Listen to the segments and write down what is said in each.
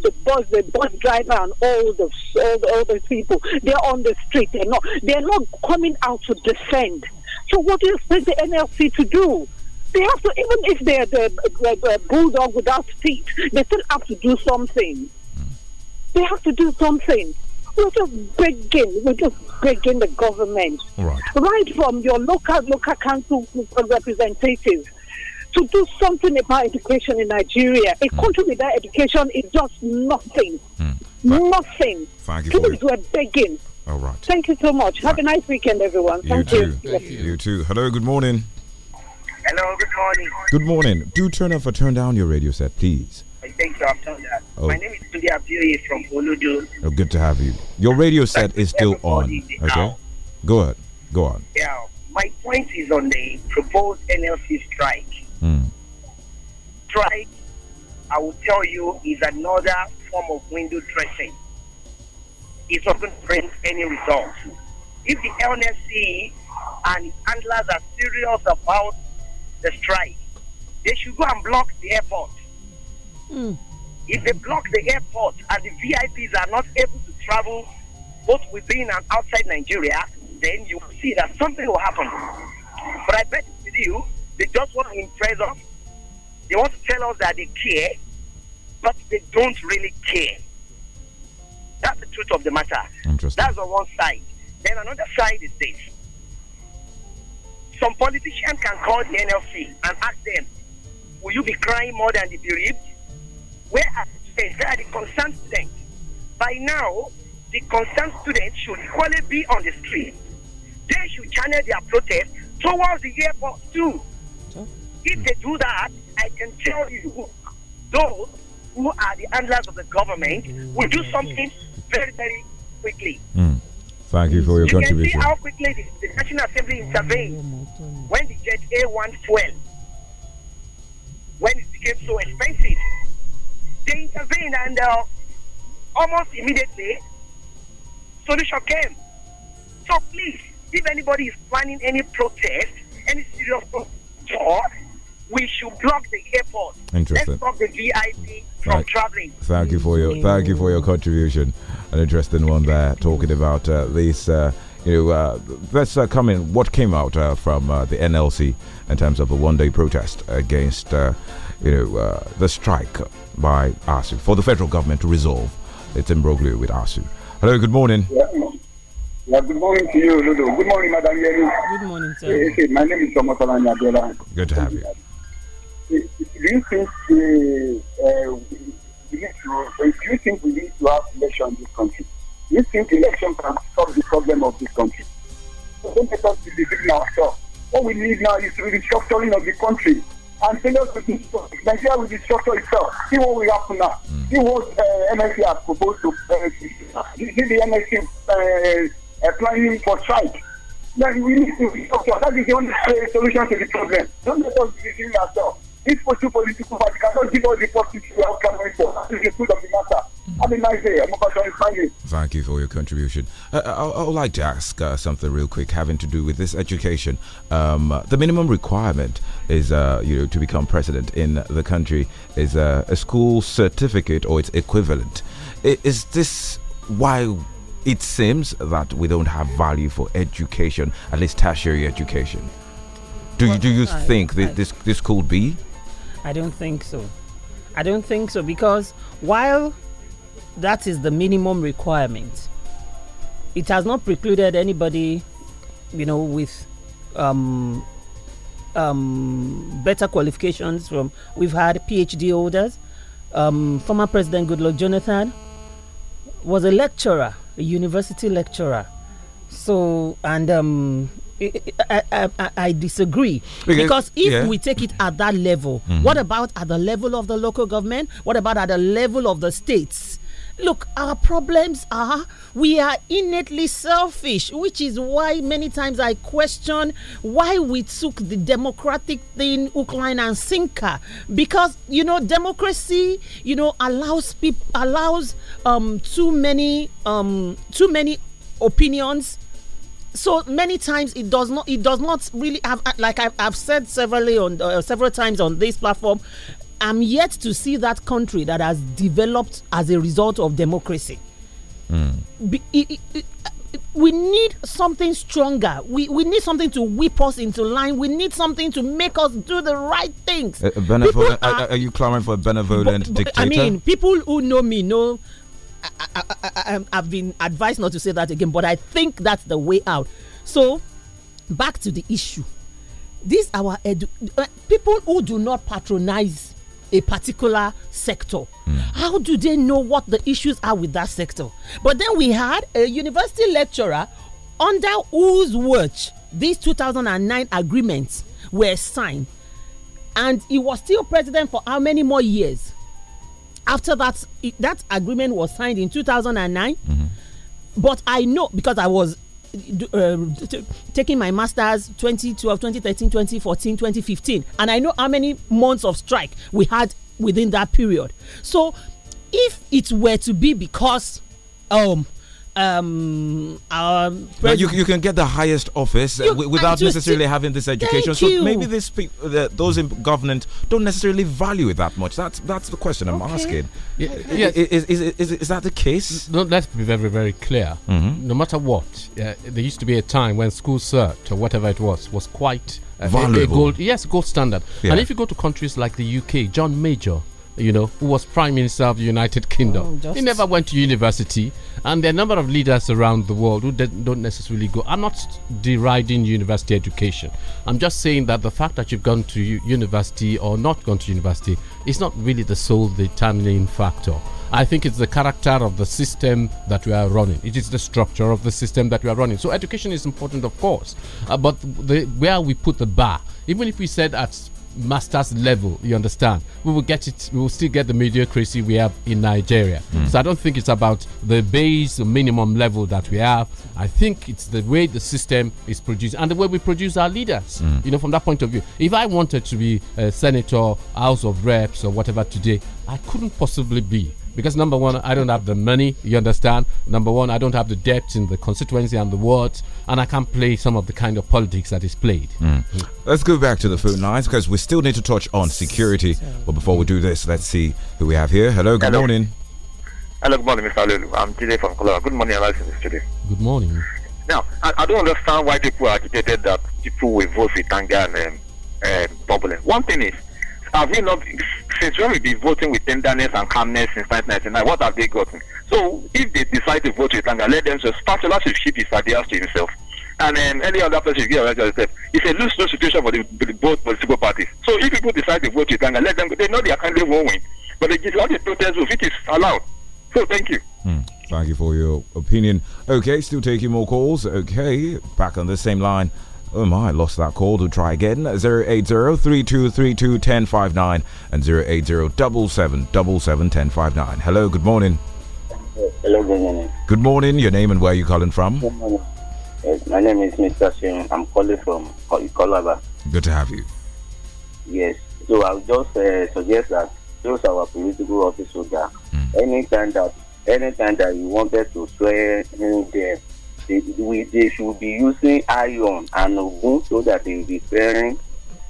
the bus, the bus driver, and all the all the, people. They're on the street. They're not. They're not coming out to defend. So what do you expect the NLC to do? They have to, even if they're the, the, the bulldog without feet, they still have to do something. They have to do something we're just begging, we're just begging the government, right. right, from your local local council representatives to do something about education in Nigeria. A country without education is just nothing. Hmm. Nothing. Thank you. People were begging. All right. Thank you so much. Right. Have a nice weekend, everyone. You Thank too. You. Thank you. you. too. Hello. Good morning. Hello. Good morning. Good morning. Do turn off or turn down your radio set, please. Thank you. I've done that. Oh. My name is Tunde Abuye from Oludu. Oh, good to have you. Your radio set is still on. Okay. Go ahead. Go on. Yeah. My point is on the proposed NLC strike. Mm. Strike, I will tell you, is another form of window dressing. It doesn't bring any results. If the LNC and its handlers are serious about the strike, they should go and block the airport. Mm. If they block the airport and the VIPs are not able to travel both within and outside Nigeria, then you will see that something will happen. But I bet with you, they just want to impress us. They want to tell us that they care, but they don't really care. That's the truth of the matter. That's on one side. Then another side is this. Some politicians can call the NLC and ask them, Will you be crying more than the bereaved? Where are the, where are the concerned students? By now, the concerned students should equally be on the street. They should channel their protest towards the airport too. If they do that, I can tell you those who are the handlers of the government will do something very, very quickly. Mm. Thank you for your you contribution. Can see how quickly the, the National Assembly intervened when the Jet A1 fuel, when it became so expensive. They intervened and uh, almost immediately, solution came. So please, if anybody is planning any protest, any serious protest, we should block the airport. Interesting. Let's stop the VIP from right. traveling. Thank you for your thank you for your contribution. An interesting one there, talking about uh, these. Uh, you know, uh, let's uh, come in. What came out uh, from uh, the NLC in terms of a one-day protest against, uh, you know, uh, the strike by ASU for the federal government to resolve its imbroglio with ASU. Hello, good morning. Yeah. yeah good morning to you, Ludo. Good morning, Madam Yeni. Good morning, sir. Hey, hey, my name is Thomas Good to have you do you think uh, we need to, do you think we need to have election in this country? Do you think election can solve the problem of this country? don't let us be deceiving ourselves. What we need now is restructuring of the country and Nigeria will restructure itself. See what will happen now. See what uh, NSC has proposed to uh, see the NSC uh, planning for strike. Then we need to restructure. That is the only solution to the problem. Don't let us be ourselves. This social political party cannot give all the positive outcome the truth of the Have Thank you for your contribution. Uh, uh I, would like to ask uh, something real quick, having to do with this education. Um, the minimum requirement is, uh, you know, to become president in the country is uh, a school certificate or its equivalent. Is this why it seems that we don't have value for education, at least tertiary education? Do well, you do you I, think that this this could be? I don't think so. I don't think so because while that is the minimum requirement, it has not precluded anybody, you know, with um, um, better qualifications from. We've had PhD holders. Um, former President Goodluck Jonathan was a lecturer, a university lecturer. So, and um, I, I, I disagree because, because if yeah. we take it at that level, mm -hmm. what about at the level of the local government? What about at the level of the states? Look, our problems are we are innately selfish, which is why many times I question why we took the democratic thing, hook, line, and sinker. Because you know, democracy, you know, allows people allows um, too many um, too many opinions so many times it does not it does not really have like I've, I've said severally on uh, several times on this platform i'm yet to see that country that has developed as a result of democracy mm. Be, it, it, it, we need something stronger we, we need something to whip us into line we need something to make us do the right things uh, benevolent, are, are, you clamoring for a benevolent but, but, dictator i mean people who know me know I, I, I, have been advised not to say that again, but I think that's the way out. So, back to the issue. These our edu uh, people who do not patronize a particular sector. Mm. How do they know what the issues are with that sector? But then we had a university lecturer under whose watch these 2009 agreements were signed, and he was still president for how many more years? after that that agreement was signed in 2009 mm -hmm. but i know because i was uh, taking my masters 2012 2013 2014 2015 and i know how many months of strike we had within that period so if it were to be because um, um our you, you can get the highest office uh, you, without necessarily having this education so you. maybe this the, those in government don't necessarily value it that much that's that's the question i'm asking yeah, okay. Is, is, is, is, that the case no, let's be very very clear mm -hmm. no matter what uh, there used to be a time when school cert or whatever it was was quite uh, valuable a, a gold, yes gold standard yeah. and if you go to countries like the uk john major you know, who was Prime Minister of the United Kingdom. Oh, he never went to university. And there are a number of leaders around the world who don't necessarily go. I'm not deriding university education. I'm just saying that the fact that you've gone to university or not gone to university is not really the sole determining factor. I think it's the character of the system that we are running. It is the structure of the system that we are running. So education is important, of course, uh, but the, where we put the bar. Even if we said at master's level. You understand? We will get it. We will still get the mediocrity we have in Nigeria. Mm. So I don't think it's about the base minimum level that we have. I think it's the way the system is produced and the way we produce our leaders. Mm. You know, from that point of view, if I wanted to be a senator, House of Reps, or whatever today, I couldn't possibly be because number one, I don't have the money. You understand? Number one, I don't have the depth in the constituency and the wards, and I can't play some of the kind of politics that is played. Mm. Let's go back to the phone lines because we still need to touch on security. But before we do this, let's see who we have here. Hello, good Hello. morning. Hello, good morning, Mr. Alulu. I'm today from Colorado. Good morning, Today. Good morning. Now, I, I, don't understand why people are agitated that people will vote for Tanga and um, um, One thing is, have we not since when we've been voting with tenderness and calmness since 1999 what have they gotten so if they decide to vote with anger let them just Chancellor should keep his ideas to himself and then any other person should give a it's a lose-lose situation for the, the, both political parties so if people decide to vote with anger let them they know their candidate won't win but they give all the protest if it is allowed so thank you hmm. Thank you for your opinion. Okay, still taking more calls. Okay, back on the same line. Oh my, I lost that call to try again. 080-3232-1059 and 080-777-1059. Hello, good morning. Hello, good morning. Good morning, your name and where you calling from? Good morning. Yes, my name is Mr. Sim. I'm calling from Kolaba. Good to have you. Yes, so I will just uh, suggest that those our political officers that mm. anytime that anytime that you wanted to swear in there they, we, they should be using iron and ogun so that they will be bearing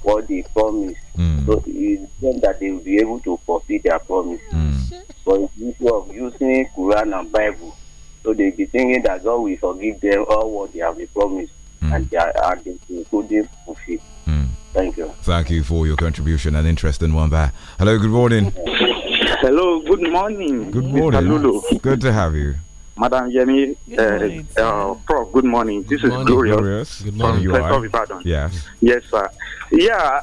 what they promise. Mm. So it's then that they will be able to fulfill their promise. Mm. But instead of using Quran and Bible, so they be thinking that God will forgive them all what they have promised mm. and they are including they fulfill. Mm. Thank you. Thank you for your contribution. and interesting one there. Hello, good morning. Hello, good morning. Good morning. Good to have you. Madam Yemi, good uh, uh, Prof, good morning. This is glorious. glorious. Good morning, from you are. Yes. Yes, sir. Yeah,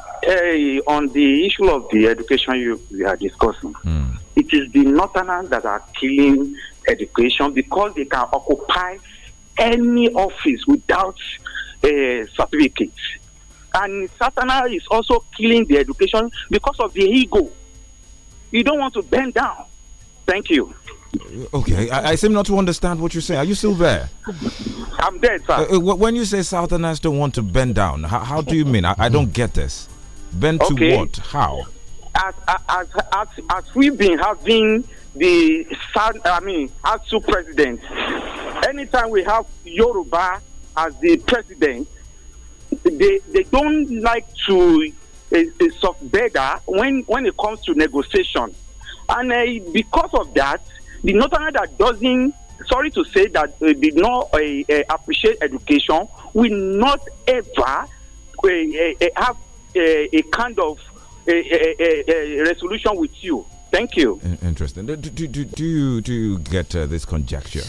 on the issue of the education you, we are discussing, mm. it is the Northerners that are killing education because they can occupy any office without a uh, certificate. And Satana is also killing the education because of the ego. You don't want to bend down. Thank you. Okay, I, I, seem not to understand what you are saying. Are you still there? I'm dead, sir. Uh, uh when you say Southerners don't want to bend down, how, how do you mean? I, I, don't get this. Bend okay. to what? How? As, as, as, as we've been having the I mean, as two presidents, anytime we have Yoruba as the president, they, they don't like to is, eh, eh, soft beggar when when it comes to negotiation and uh, because of that the northerner that doesn't, sorry to say, that uh, did not uh, uh appreciate education will not ever uh, uh, have a kind of a, resolution with you. Thank you. Interesting. Do, do, do, do you, do you get this conjecture?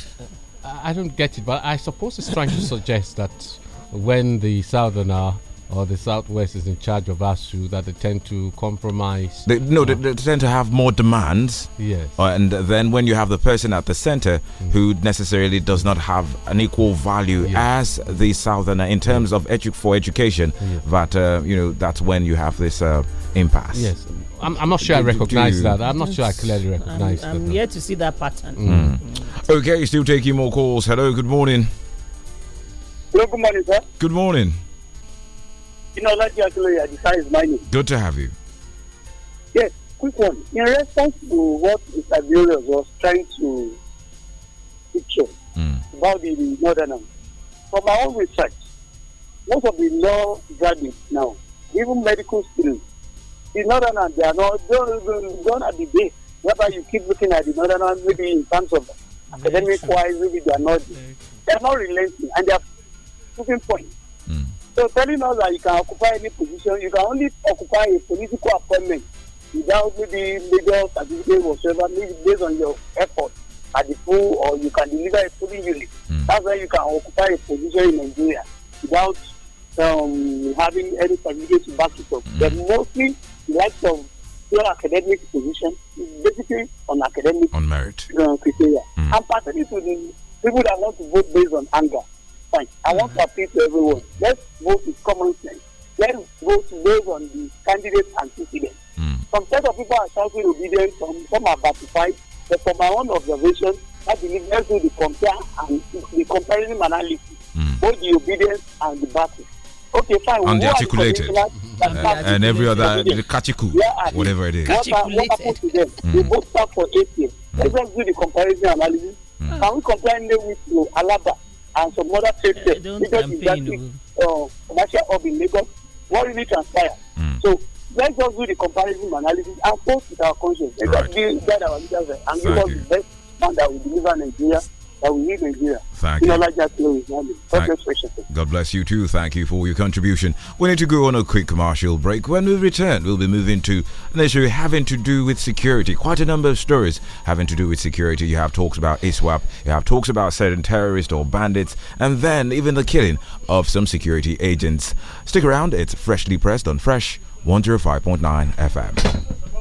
I don't get it, but I suppose it's trying to suggest that when the southerner or the Southwest is in charge of ASU that they tend to compromise. They, no, they, they, tend to have more demands. Yes. Uh, and then when you have the person at the center mm. who necessarily does not have an equal value yes. as the Southerner in terms of edu- for education, yes. that, uh, you know, that's when you have this uh, impasse. Yes. I'm, I'm, not sure do, I recognize that. I'm not sure I clearly recognize I'm, that. I'm yet to see that pattern. Mm. Mm. Okay, still taking more calls. Hello, good morning. Hello, good morning, sir. Good morning. You know, like actually, the time is mining. Good to have you. Yes, quick one. In response to what Mr. Bureau was trying to picture mm. about the northerners, from my own research, most of the law graduates now, even medical students, the northerners, they are not, they don't, don't at the base. Whereby you keep looking at the northerners, maybe in terms of academic wise, maybe they are not, they are not relenting, and they are proving points. Mm. So telling us that you can occupy any position, you can only occupy a political appointment without maybe major certificate whatsoever, maybe based on your effort at the pool or you can deliver a polling unit. Mm. That's why you can occupy a position in Nigeria without um, having any certificate to back it up. Mm. But mostly the likes of your academic position is basically on academic on merit uh, criteria. Mm. And particularly to the people that want to vote based on anger point. I want to appeal to everyone. Let's vote with common sense. Let's vote based on the candidates and antecedents. Mm. Some set of people are shouting obedience, some, some are batified, but from my own observation, I believe let's do the compare and the comparison analysis, mm. both the obedience and the battle. Okay, fine. And the articulated. The uh, and every other, the katiku, whatever it is. What, are, what happened to them? Mm. They both start for eight years. Mm. Let's do the comparison analysis. Mm. Can we compare them with Alaba? and some other state eh, states because exactly oh. uh, commercial hub in Lagos what really transpired. Mm. So let's just do the comparison analysis and post with our conscience. Let right. us guide our leaders and give us the best man that will deliver Nigeria that we need in Nigeria. Thank you. God bless you too. Thank you for your contribution. We need to go on a quick commercial break. When we return, we'll be moving to an issue having to do with security. Quite a number of stories having to do with security. You have talks about ISWAP, you have talks about certain terrorists or bandits, and then even the killing of some security agents. Stick around, it's freshly pressed on Fresh 105.9 FM.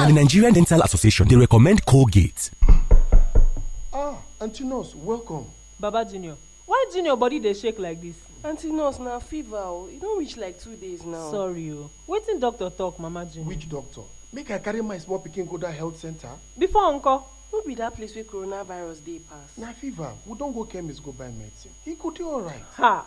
Now, the Nigerian Dental Association, they recommend Colgate. Ah, Auntie Nurse, welcome. Baba Junior, why Junior body they shake like this? Auntie Nurse, now fever, oh. E don't reach like two days now. Sorry o, wetin doctor talk, Mama Junior? Which doctor? Make I carry my small pikin go that health center? Before uncle. no be that place where coronavirus day pass. na fever we don't go chemist go buy medicine e go dey alright. ha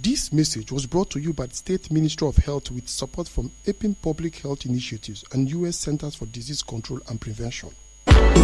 This message was brought to you by the State Ministry of Health with support from APIN Public Health Initiatives and U.S. Centers for Disease Control and Prevention.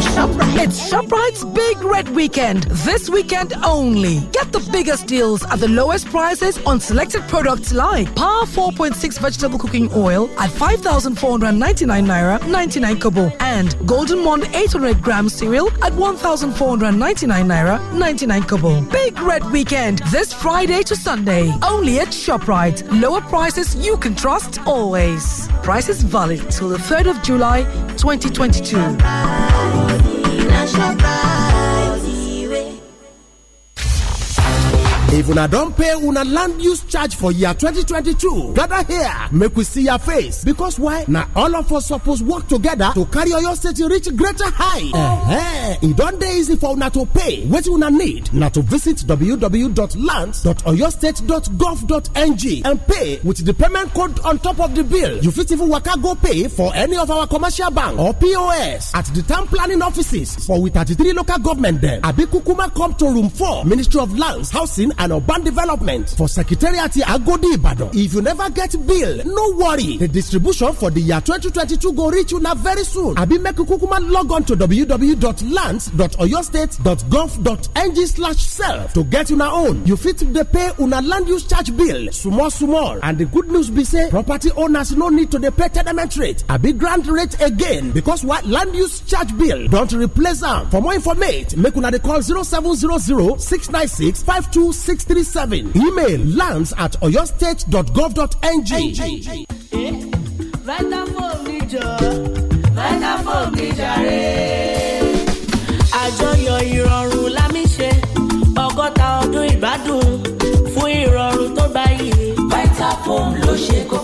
ShopRite. It's ShopRite's Big Red Weekend. This weekend only. Get the biggest deals at the lowest prices on selected products like Par 4.6 vegetable cooking oil at 5,499 naira 99 kobo and Golden Mond 800 gram cereal at 1,499 naira 99 kobo. Big Red Weekend this Friday to Sunday only at ShopRite. Lower prices you can trust always. Prices valid till the 3rd of July 2022. Shabbat. if una don't pay una land use charge for year 2022 gather here make we see your face because why Now all of us supposed work together to carry oyo state reach greater height eh uh-huh. eh It don't dey easy for una to pay wetin una need Now to visit www.lands.oyostate.gov.ng and pay with the payment code on top of the bill you fit even waka go pay for any of our commercial bank or pos at the town planning offices for with thirty-three local government dem abi kukuma come to room four ministry of lands housing and and urban development for secretariat agodi ibadan if you never get bill no worry the distribution for the year 2022 go reach you now very soon abi make you kukuma log on to www.lands.oyostate.gov.ng slash self to get you now own you fit the pay on a land use charge bill small small and the good news be say property owners no need to pay tenement rate abi grant rate again because what land use charge bill don't replace them. for more information make una the call 0700 696 526 six three seven email lands at oyostate.gov.ng. vitafoam níjọ àjọyọ̀ ìrọ̀rùn lámì ṣe ọgọ́ta ọdún ìgbádùn fún ìrọ̀rùn tó báyìí. vitafoam ló ṣe kókó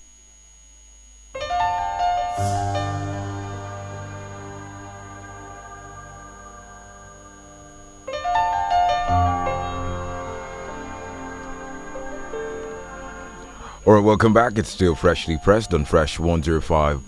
All right, welcome back. It's still freshly pressed on Fresh 105.9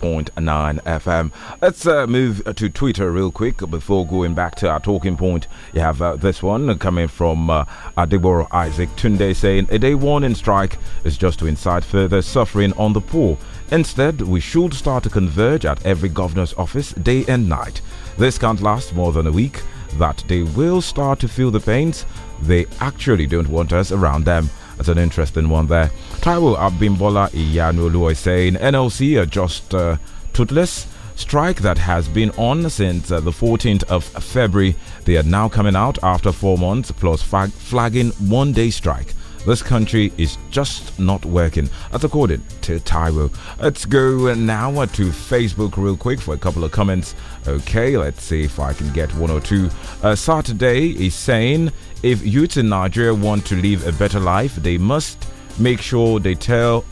FM. Let's uh, move to Twitter real quick before going back to our talking point. You have uh, this one coming from uh, Adiboro Isaac Tunde saying a day warning strike is just to incite further suffering on the poor. Instead, we should start to converge at every governor's office day and night. This can't last more than a week. That they will start to feel the pains. They actually don't want us around them. That's an interesting one there. Taiwo Abimbola Iyanolu is saying NLC are uh, just uh, toothless strike that has been on since uh, the 14th of February. They are now coming out after four months plus flag flagging one day strike. This country is just not working. That's according to Tyro. Let's go now to Facebook real quick for a couple of comments. Okay, let's see if I can get one or two. Uh, Saturday is saying if youth in Nigeria want to live a better life, they must make sure they tell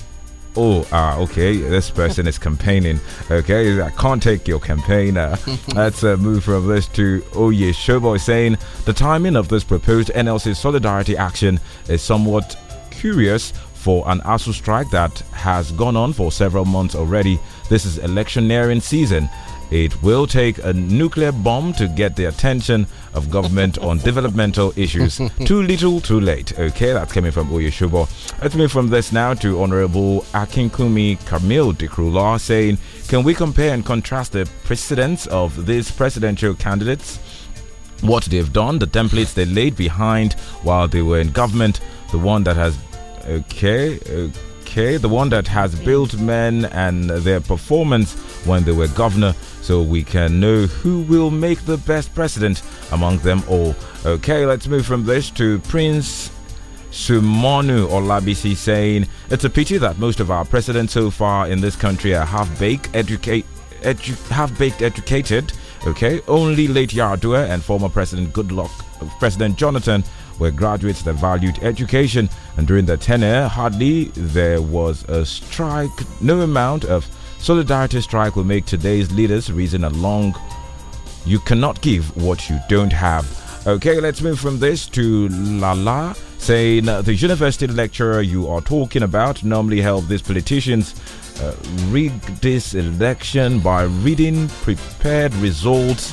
oh, uh, okay, this person is campaigning. Okay, I can't take your campaign. Uh, let's uh, move from this to Oye oh, Showboy saying the timing of this proposed NLC solidarity action is somewhat curious for an ASU strike that has gone on for several months already. This is electioneering season, it will take a nuclear bomb to get the attention of government on developmental issues. Too little, too late. Okay, that's coming from Oyeshubo. Let's move from this now to Honorable Akinkumi Camille Dikrula saying, Can we compare and contrast the precedents of these presidential candidates? What they've done, the templates they laid behind while they were in government, the one that has. Okay. okay the one that has built men and their performance when they were governor so we can know who will make the best president among them all. Okay, let's move from this to Prince Sumonu Olabisi saying, It's a pity that most of our presidents so far in this country are half baked, edu half baked educated. Okay, only late Yar'Adua and former President Goodluck, President Jonathan were graduates that valued education, and during their tenure, hardly there was a strike, no amount of Solidarity strike will make today's leaders reason along. You cannot give what you don't have. Okay, let's move from this to Lala saying the university lecturer you are talking about normally help these politicians uh, rig this election by reading prepared results.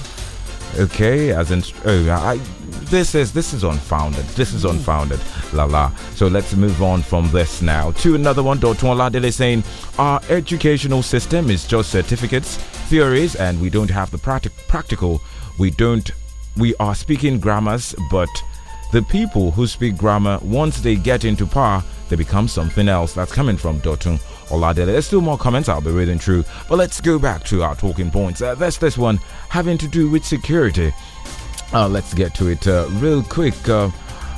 Okay, as in, oh, I this is this is unfounded. This is unfounded. La la. So let's move on from this now to another one. Dr. Oladele saying our educational system is just certificates, theories, and we don't have the practic- practical. We don't. We are speaking grammars, but the people who speak grammar once they get into power, they become something else. That's coming from Dr. Oladele. There's still more comments I'll be reading through, but let's go back to our talking points. Uh, this one having to do with security. Uh, let's get to it uh, real quick. Uh,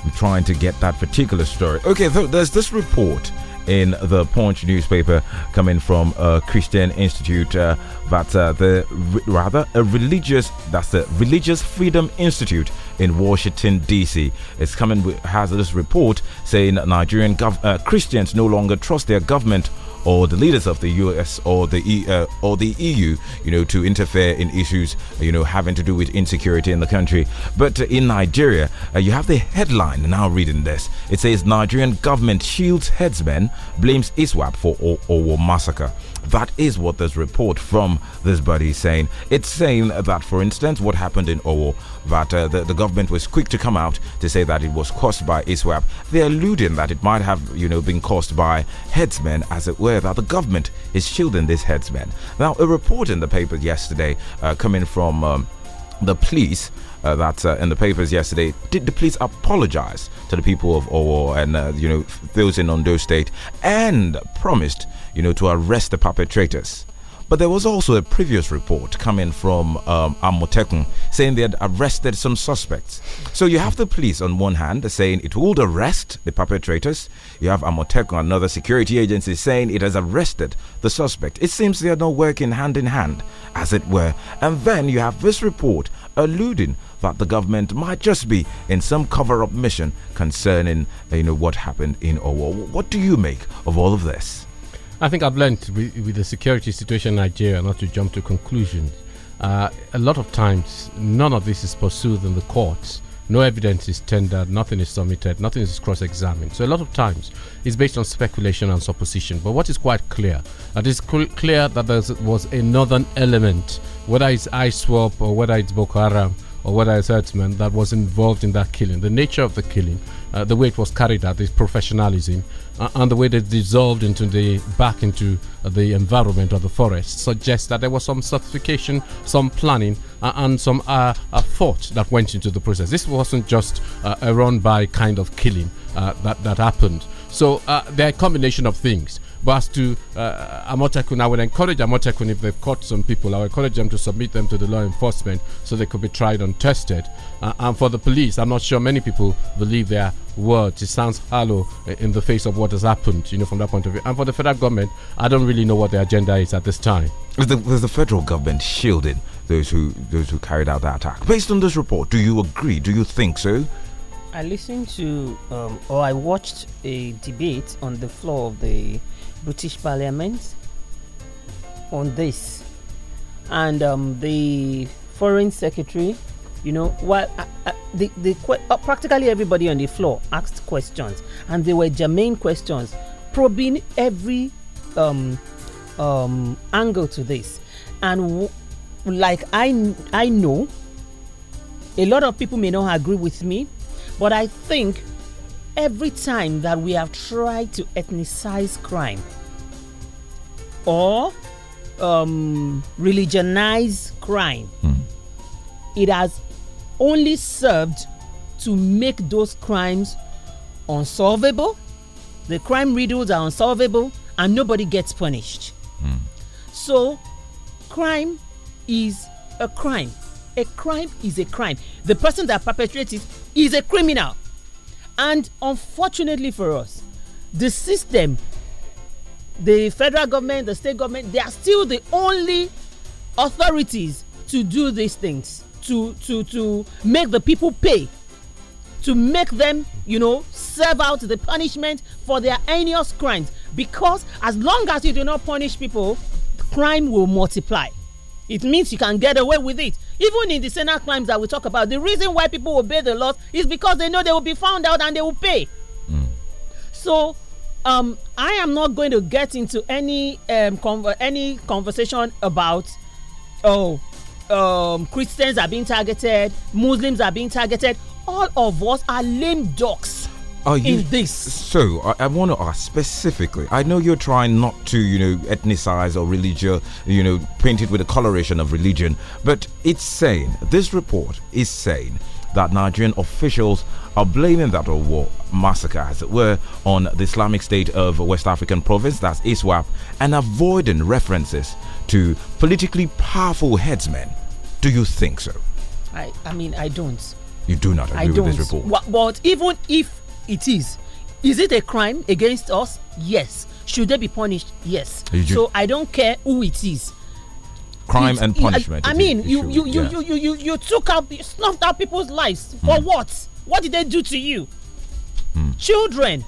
I'm trying to get that particular story. Okay, there's this report in the Punch newspaper coming from uh, Christian Institute uh, that uh, the rather a religious that's the Religious Freedom Institute in Washington D.C. is coming with, has this report saying Nigerian uh, Christians no longer trust their government or the leaders of the US or the e, uh, or the EU, you know, to interfere in issues, you know, having to do with insecurity in the country. But uh, in Nigeria, uh, you have the headline now reading this. It says Nigerian government shields headsmen, blames ISWAP for Owo massacre. That is what this report from this body is saying. It's saying that, for instance, what happened in Owo, that uh, the, the, government was quick to come out to say that it was caused by ISWAP. They're alluding that it might have, you know, been caused by headsmen, as it were, that the government is shielding these headsmen. Now, a report in the paper yesterday uh, coming from um, the police uh, that uh, in the papers yesterday. Did the police apologize to the people of Owo and uh, you know those in Ondo State and promised you know, to arrest the perpetrators. But there was also a previous report coming from um, Amotekun saying they had arrested some suspects. So you have the police on one hand saying it would arrest the perpetrators. You have Amotekun, another security agency, saying it has arrested the suspect. It seems they are not working hand in hand, as it were. And then you have this report alluding that the government might just be in some cover-up mission concerning, you know, what happened in Owo. What do you make of all of this? I think I've learned with, with, the security situation in Nigeria not to jump to conclusions. Uh, a lot of times, none of this is pursued in the courts. No evidence is tendered, nothing is submitted, nothing is cross examined. So, a lot of times it's based on speculation and supposition. But what is quite clear, it is cl- clear that there was a northern element, whether it's ISWAP or whether it's Boko Haram or whether it's Hertzman that was involved in that killing. The nature of the killing, uh, the way it was carried out, the professionalism, uh, and the way they dissolved into the back into uh, the environment of the forest suggests that there was some certification, some planning, uh, and some uh, uh thought that went into the process. This wasn't just uh, a run-by kind of killing that that happened. So uh, there are a combination of things. But as to uh, Amotekun, I would encourage Amotekun if they've caught some people, I would encourage them to submit them to the law enforcement so they could be tried and tested. Uh, and for the police, I'm not sure many people believe they are words. It sounds hollow eh, in the face of what has happened, you know, from that point of view. And for the federal government, I don't really know what their agenda is at this time. Is the, is the federal government shielding those who those who carried out the attack? Based on this report, do you agree? Do you think so? I listened to um, or I watched a debate on the floor of the British Parliament on this, and um, the Foreign Secretary you know, while uh, uh, the, the uh, practically everybody on the floor asked questions, and they were germane questions, probing every um, um, angle to this. And like I, I know, a lot of people may not agree with me, but I think every time that we have tried to ethnicize crime or um, religionize crime, mm. it has only served to make those crimes unsolvable. The crime riddles are unsolvable and nobody gets punished. Mm. So, crime is a crime. A crime is a crime. The person that perpetrates it is a criminal. And unfortunately for us, the system, the federal government, the state government, they are still the only authorities to do these things to to to make the people pay to make them you know serve out the punishment for their heinous crimes because as long as you do not punish people crime will multiply it means you can get away with it even in the senate crimes that we talk about the reason why people obey the laws is because they know they will be found out and they will pay mm. so um, I am not going to get into any um, any conversation about oh um, Christians are being targeted, Muslims are being targeted. All of us are lame ducks. Are you, in this. So I, I want to ask specifically. I know you're trying not to, you know, ethnicize or religious, you know, paint it with a coloration of religion, but it's saying this report is saying that Nigerian officials are blaming that war massacre, as it were, on the Islamic State of West African Province, that's ISWAP, and avoiding references to politically powerful headsmen do you think so? I, I mean, I don't. You do not agree I don't. with this report. But even if it is, is it a crime against us? Yes. Should they be punished? Yes. You so I don't care who it is. Crime it, and punishment. I, I mean, you you you, yeah. you you you took out, you snuffed out people's lives hmm. for mm. what? What did they do to you? Mm. Children.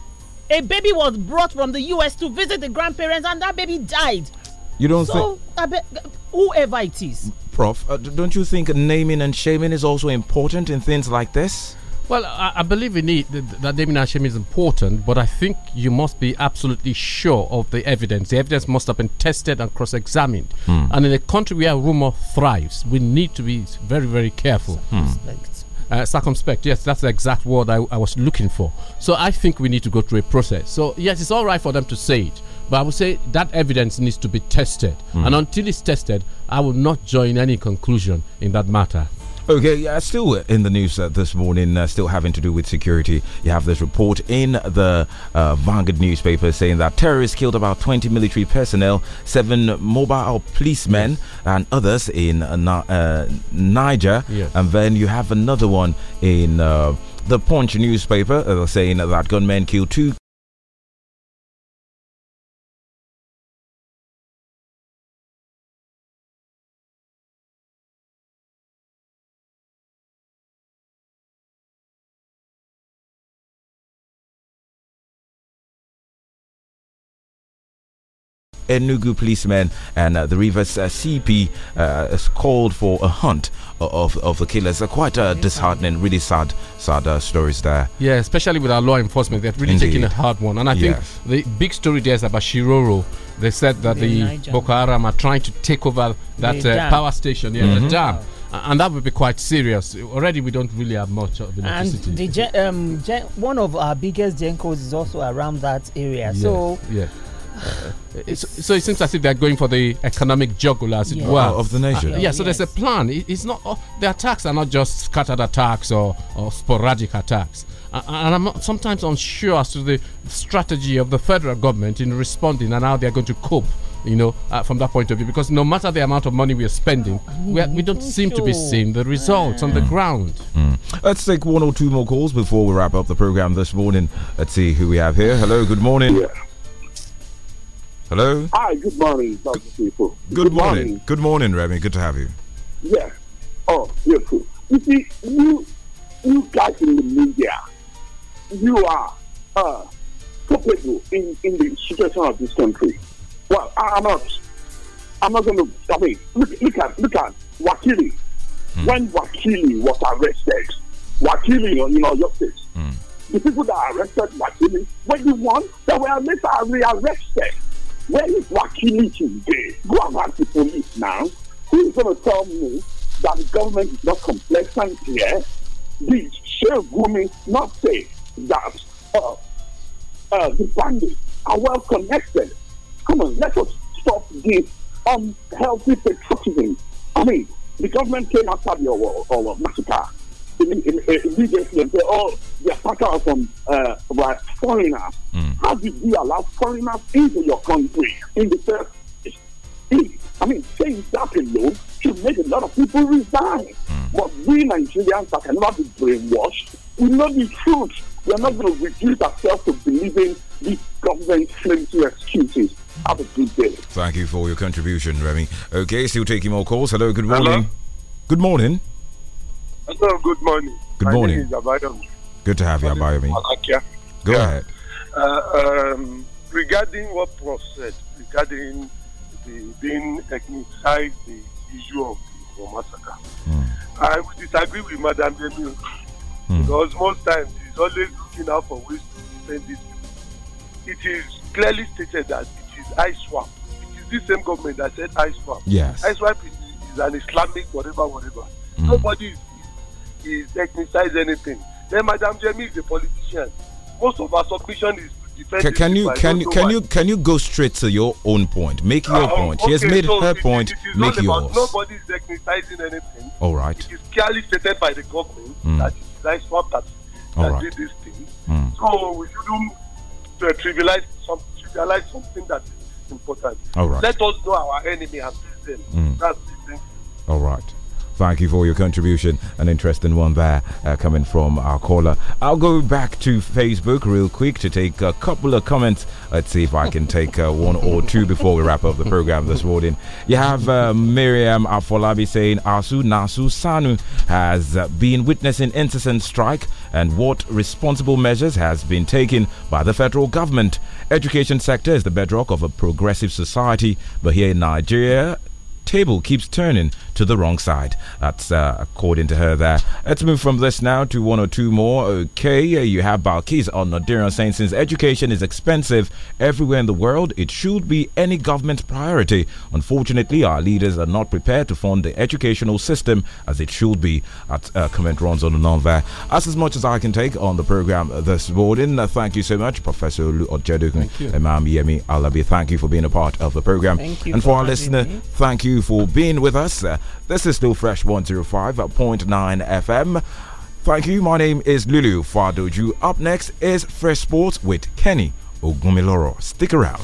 A baby was brought from the U.S. to visit the grandparents, and that baby died. You don't so, think? whoever it is. Prof, uh, don't you think naming and shaming is also important in things like this? Well, I, I believe in it, that naming and shaming is important, but I think you must be absolutely sure of the evidence. The evidence must have been tested and cross examined. Hmm. And in a country where rumor thrives, we need to be very, very careful. Circumspect. Hmm. Uh, circumspect, yes, that's the exact word I, I was looking for. So I think we need to go through a process. So, yes, it's all right for them to say it but I would say that evidence needs to be tested. Mm. And until it's tested, I will not join any conclusion in that matter. Okay, yeah, still in the news uh, this morning, uh, still having to do with security. You have this report in the uh, Vanguard newspaper saying that terrorists killed about 20 military personnel, seven mobile policemen, and others in uh, uh, Niger. Yes. And then you have another one in uh, the Punch newspaper saying that gunmen killed two Enugu policemen and uh, the Rivers uh, CP has uh, called for a hunt of, of the killers. quite uh, disheartening, really sad, sad uh, stories there. Yeah, especially with our law enforcement, they are really Indeed. a hard one. And I yes. think the big story there is about Shiroro. They said that the, the Boko Haram are trying to take over that uh, power station, yeah, mm -hmm. the mm-hmm. dam. And that would be quite serious. Already, we don't really have much of electricity. And the gen, um, gen, one of our biggest gencos is also around that area. Yes, so, yeah uh, it's, so it seems as if they're going for the economic juggle, as it were, of the nation. Uh, yeah, so yes. there's a plan. it's not oh, the attacks are not just scattered attacks or, or sporadic attacks. Uh, and I'm sometimes unsure as to the strategy of the federal government in responding and how they're going to cope. You know, uh, from that point of view, because no matter the amount of money we are spending, we, are, we don't mm-hmm. seem to be seeing the results on the mm. ground. Mm. Let's take one or two more calls before we wrap up the program this morning. Let's see who we have here. Hello, good morning. Yeah. Hello. Hi. Good morning, good, people. Good, good morning. morning. Good morning, Remy. Good to have you. Yeah. Oh, cool. You see, you you guys in the media, you are uh, culpable in in the situation of this country. Well, I, am not. I'm not going to. I mean, look, look at look at Wakili. Mm. When Wakili was arrested, Wakili, you know, justice. Mm. The people that arrested Wakili, when you won, they were later rearrested. Where is Wakili today? Go and ask the police now. Who is going to tell me that the government is not complacent here? The Sheriff not say that uh, uh, the bandits are well connected. Come on, let us stop this unhealthy patriotism. I mean, the government came after the uh, uh, massacre immediately and say, oh, your partner are from uh, right, foreigners. Mm. How did you allow foreigners into your country in the first place? I mean, saying that alone should make a lot of people resign. Mm. But we Nigerians that cannot be brainwashed, we know the truth. We are not going to reduce ourselves to believing these government flimsy excuses. Have a good day. Thank you for your contribution, Remy. Okay, still taking more calls. Hello, good morning. Hello? Good morning. Hello, good morning. Good My morning. Good to have you, Abayomi. Go yeah. ahead. Uh, um, regarding what Prof said, regarding the being ignited the issue of the massacre, mm. I would disagree with Madam Emil mm. because most times he's always looking out for ways to defend this. It is clearly stated that it is ISWAP. It is this same government that said ISWAP. Yes. ISWAP is, is an Islamic whatever, whatever. Mm. Nobody is is technicize anything then madam jemmy is a politician most of her submission is can, can you can you can you can you go straight to your own point? Make your uh, point. Okay, she has made so her it, point. It, it make yours. Nobody is recognizing anything. All right. It is clearly stated by the government mm. that it's that, that right. did this thing. Mm. So we shouldn't uh, trivialize some trivialize something that is important. All right. Let us know our enemy and please them. Mm. That's the thing. All right. Thank you for your contribution. An interesting one there uh, coming from our caller. I'll go back to Facebook real quick to take a couple of comments. Let's see if I can take uh, one or two before we wrap up the program this morning. You have uh, Miriam Afolabi saying Asu Nasu Sanu has uh, been witnessing incessant strike and what responsible measures has been taken by the federal government. Education sector is the bedrock of a progressive society, but here in Nigeria, table keeps turning to the wrong side. That's uh, according to her there. Let's move from this now to one or two more. Okay, uh, you have Balkis on Nadiran saying since education is expensive everywhere in the world, it should be any government's priority. Unfortunately, our leaders are not prepared to fund the educational system as it should be. At uh, comment runs on and on there. That's as much as I can take on the program this morning. Uh, thank you so much, Professor Lu Ojedokun, Imam Yemi Alabi. Thank you for being a part of the program. and for, for our listener, me. thank you for being with us. Uh, this is still Fresh 105.9 FM. Thank you. My name is Lulu Fadoju. Up next is Fresh Sports with Kenny Ogumiloro. Stick around.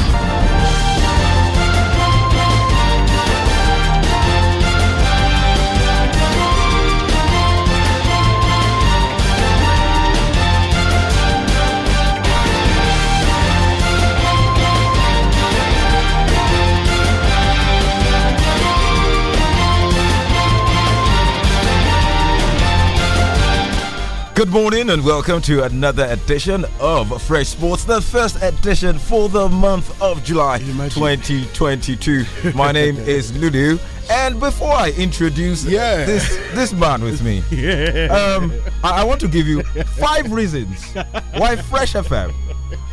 Good morning and welcome to another edition of Fresh Sports, the first edition for the month of July 2022. My name is Lulu, and before I introduce yeah. this this man with me, yeah. um, I, I want to give you five reasons why Fresh FM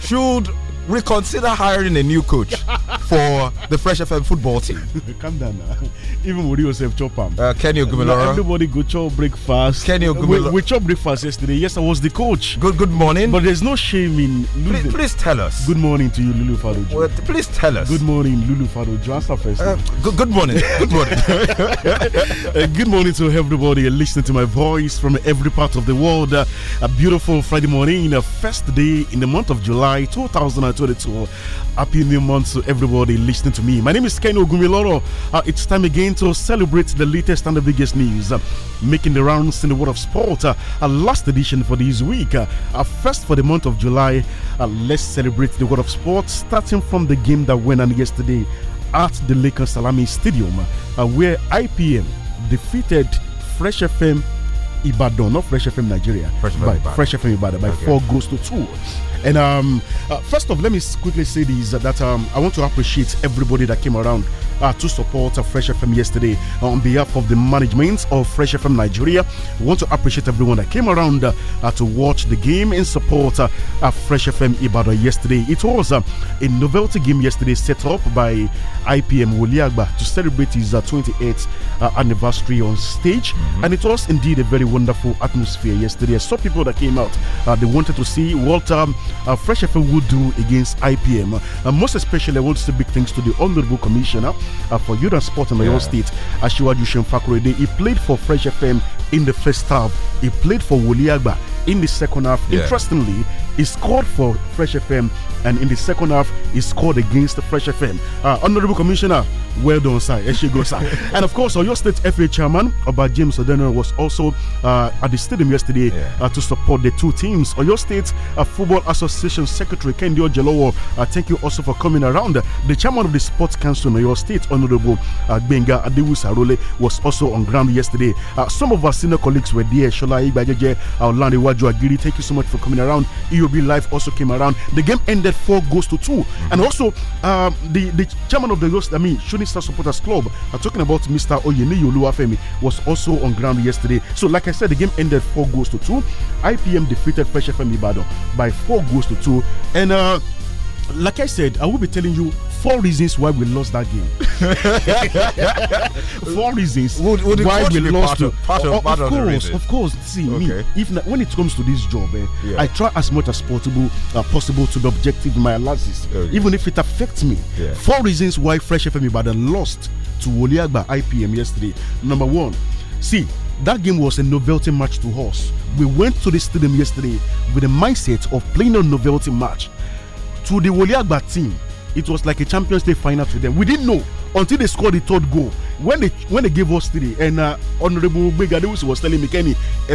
should reconsider hiring a new coach for the Fresh FM football team. Calm down now. Even Wuri Joseph Chopam. Uh, Kenny Ogumiloro. Everybody go chop breakfast. Kenny Ogumiloro. Uh, we, we breakfast yesterday. Yes, I was the coach. Good good morning. But there's no shame in Please, please tell us. Good morning to you, Lulu Fadoju. Well, please tell us. Good morning, Lulu Fadoju. Answer first. Uh, good, good morning. good morning. uh, good morning to everybody listening to my voice from every part of the world. Uh, a beautiful Friday morning, uh, first day in the month of July 2020. 2022. Happy new month to everybody listening to me. My name is Ken Ogumiloro. Uh, it's time again to celebrate the latest and the biggest news uh, making the rounds in the world of sport. Uh, our last edition for this week, uh, our first for the month of July. Uh, let's celebrate the world of sport, starting from the game that went on yesterday at the Lakers Salami Stadium, uh, where IPM defeated Fresh FM Ibadan, not Fresh FM Nigeria, Fresh FM by Ibadan, Fresh FM Ibadan by okay. four goals to two. And um, uh, first off, let me quickly say this that um, I want to appreciate everybody that came around uh, to support uh, Fresh FM yesterday. Uh, on behalf of the management of Fresh FM Nigeria, we want to appreciate everyone that came around uh, to watch the game in support uh, of Fresh FM Ibadan yesterday. It was a novelty game yesterday set up by IPM Woliagba to celebrate his 28th anniversary on stage, mm -hmm. and it was indeed a very wonderful atmosphere yesterday. I saw people that came out, they wanted to see what um, Fresh FM would do against IPM. Uh, most especially, I want to say big thanks to the Honorable Commissioner uh, for youth and sport in my yeah. own state, Ashiwa Yushin Fakurede. He played for Fresh FM in the first half. He played for Wuliagba in the second half. Yeah. Interestingly, he scored for Fresh FM, and in the second half, he scored against Fresh FM. Uh, Honorable Commissioner, well done, sir. go, sir. and of course, your State FA chairman, about James Odeno, was also uh, at the stadium yesterday yeah. uh, to support the two teams. Your State uh, Football Association Secretary Kendi Ojelowo, uh, thank you also for coming around. The chairman of the Sports Council your State, Honorable uh, Benga Adewusarole, was also on ground yesterday. Uh, some of our senior colleagues were there. Shola Igbajeje, Orlando Waju Agiri, thank you so much for coming around. You PWB Live also came around. The game ended four goals to two. Mm -hmm. And also, um, the, the chairman of the Yost, I mean, Shooting Star Supporters Club, uh, talking about Mr. Oyeniyi Oluwafemi, was also on ground yesterday. So, like I said, the game ended four goals to two. IPM defeated Fresh FM Ibadan by four goals to two. And, uh, like I said, I will be telling you four reasons why we lost that game. four reasons would, would why we lost. Part of, part of, part of, course, of course. See okay. me if when it comes to this job, eh, yeah. I try as much as possible uh, possible to be objective in my analysis, okay. even if it affects me. Yeah. Four reasons why Fresh FM Ibadan lost to Oliagba IPM yesterday. Number one, see that game was a novelty match to us. We went to the stadium yesterday with the mindset of playing a novelty match to the Woli Agba team, it was like a Champions League final to them. We didn't know until they scored the third goal. When they when they gave us three, and uh, Honorable Begadewusi was telling me, Kenny, I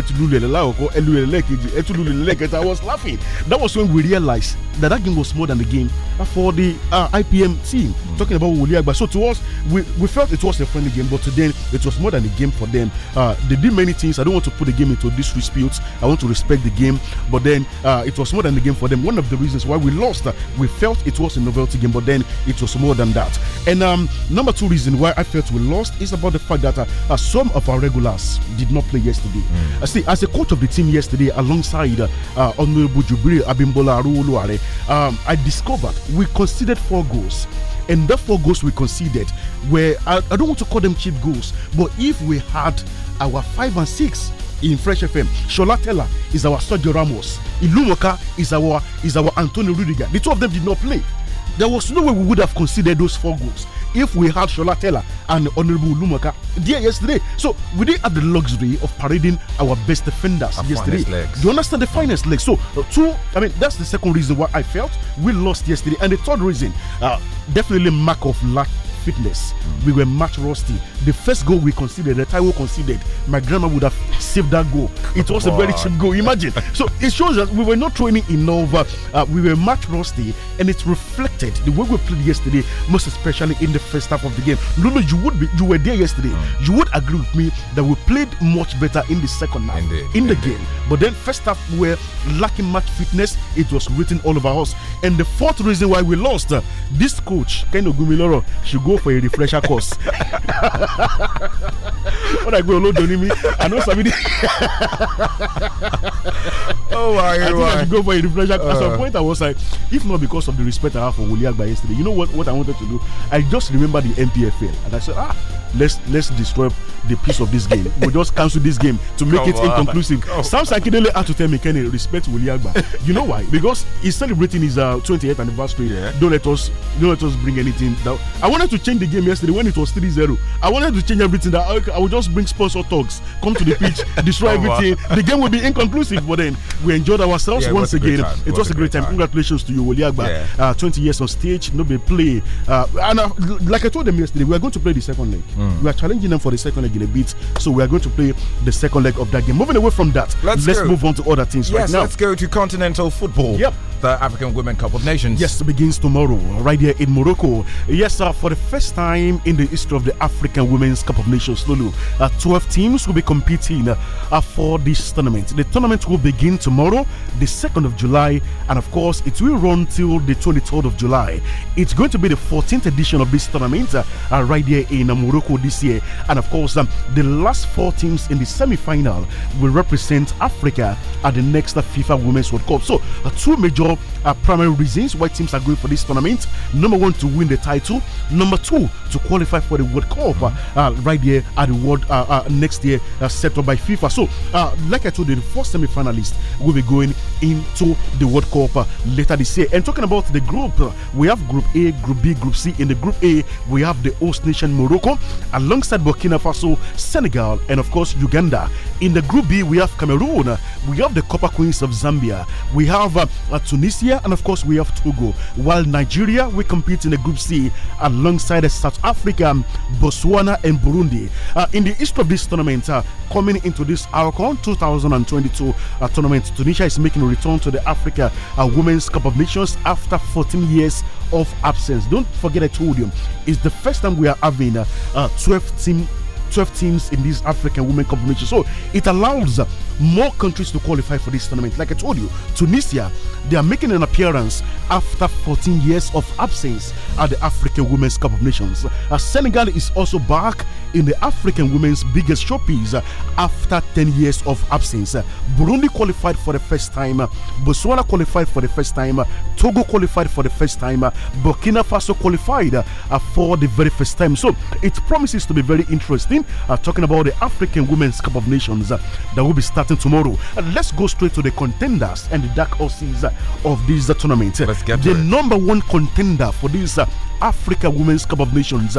was laughing. That was when we realized that that game was more than the game for the uh, IPM team. Mm -hmm. Talking about Wuliagba. So to us, we, we felt it was a friendly game, but to them, it was more than a game for them. Uh, they did many things. I don't want to put the game into dispute. I want to respect the game, but then uh, it was more than the game for them. One of the reasons why we lost, uh, we felt it was a novelty game, but then it was more than that. And um, Number two reason why I felt we lost is about the fact that uh, uh some of our regulars did not play yesterday. Mm. see, as a coach of the team yesterday, alongside uh, Honorable Jubiri Abimbola Aruoluare, um, I discovered we conceded four goals and the four goals we conceded were I, I, don't want to call them cheap goals, but if we had our five and six in Fresh FM, Shola Teller is our Sergio Ramos, Ilumoka is our is our Antonio Rudiger. The two of them did not play. There was no way we would have conceded those four goals if we had Shola Taylor and Honorable Lumaka there yesterday. So we didn't have the luxury of parading our best defenders our yesterday. You understand the finest legs. So uh, two, I mean, that's the second reason why I felt we lost yesterday. And the third reason, uh, definitely mark of luck fitness. We were much rusty. The first goal we conceded, the Taiwo conceded, my grandma would have saved that goal. It was a very cheap goal. Imagine. so it shows us we were not training enough. Uh, we were much rusty, and it's reflected the way we played yesterday, most especially in the first half of the game. Lulu, you would be, you were there yesterday. Mm. You would agree with me that we played much better in the second half Indeed. in Indeed. the game. But then first half we were lacking much fitness. It was written all over us. And the fourth reason why we lost, uh, this coach Ken Ogumiloro should go go for a refresher course. when I go Olodo ni me, I know somebody. oh my god! I think I should go for a refresher. Uh. At some uh. point, I was like, if not because of the respect I have for Wuli Agba yesterday, you know what? What I wanted to do, I just remember the NPFL. and I said, ah let's let's destroy the peace of this game. we just cancel this game to make it on, inconclusive. like Sam Sakidele had to tell McKenny, respect Wuliagba. you know why? Because he's celebrating his uh, 28th anniversary. Yeah. Don't let us don't let us bring anything down. I wanted to change the game yesterday when it was 3-0. I wanted to change everything that okay, I would just bring sponsor talks, come to the pitch, destroy everything. The game will be inconclusive, but then we enjoyed ourselves yeah, once again. It was, was, a great time. time. Congratulations to you, Wuliagba. Yeah. Uh, 20 years on stage, no play. Uh, and uh, like I told them yesterday, we are going to play the second leg. Mm. Mm. We are challenging them for the second leg in a bit. So we are going to play the second leg of that game. Moving away from that, let's, let's move on to other things yes, right now. Let's go to continental football. Yep. The African Women Cup of Nations. Yes, begins tomorrow, right here in Morocco. Yes, sir, for the first time in the history of the African Women's Cup of Nations, Lulu, uh, 12 teams will be competing uh, for this tournament. The tournament will begin tomorrow, the 2nd of July, and of course, it will run till the 23rd of July. It's going to be the 14th edition of this tournament uh, uh right here in uh, Morocco this year. And of course, um, the last four teams in the semi final will represent Africa at the next FIFA Women's World Cup. So, uh, two major uh, primary reasons why teams are going for this tournament number one, to win the title, number two, to qualify for the World Cup uh, uh right here at the World uh, uh, next year, set up by FIFA. So, like I told you, the 4 semi semi-finalists will be going into the World Cup later this year. And talking about the group, we have Group A, Group B, Group C. In the Group A, we have the host nation Morocco alongside Burkina Faso, Senegal, and of course Uganda. In the Group B, we have Cameroon, we have the Copper Queens of Zambia, we have uh, Tunisia, and of course we have Togo. While Nigeria, we compete in the Group C alongside South Africa, Botswana, and Burundi. Uh, in the history of this tournament, uh, coming into this Alcon 2022 uh, tournament, Tunisia is making a return to the Africa uh, Women's Cup of Nations after 14 years of absence. Don't forget, I told you, it's the first time we are having uh, uh, 12 team 12 teams in this African Women Cup So it allows more countries to qualify for this tournament. Like I told you, Tunisia, they are making an appearance after 14 years of absence at the African Women's Cup of Nations. Uh, Senegal is also back in the African women's biggest showpiece after 10 years of absence. Burundi qualified for the first time, Botswana qualified for the first time, Togo qualified for the first time, Burkina Faso qualified uh, for the very first time. So it promises to be very interesting. Uh, talking about the African Women's Cup of Nations uh, that will be starting tomorrow. let's go straight to the contenders and the dark horses of this tournament. the it. number one contender for this Africa Women's Cup of Nations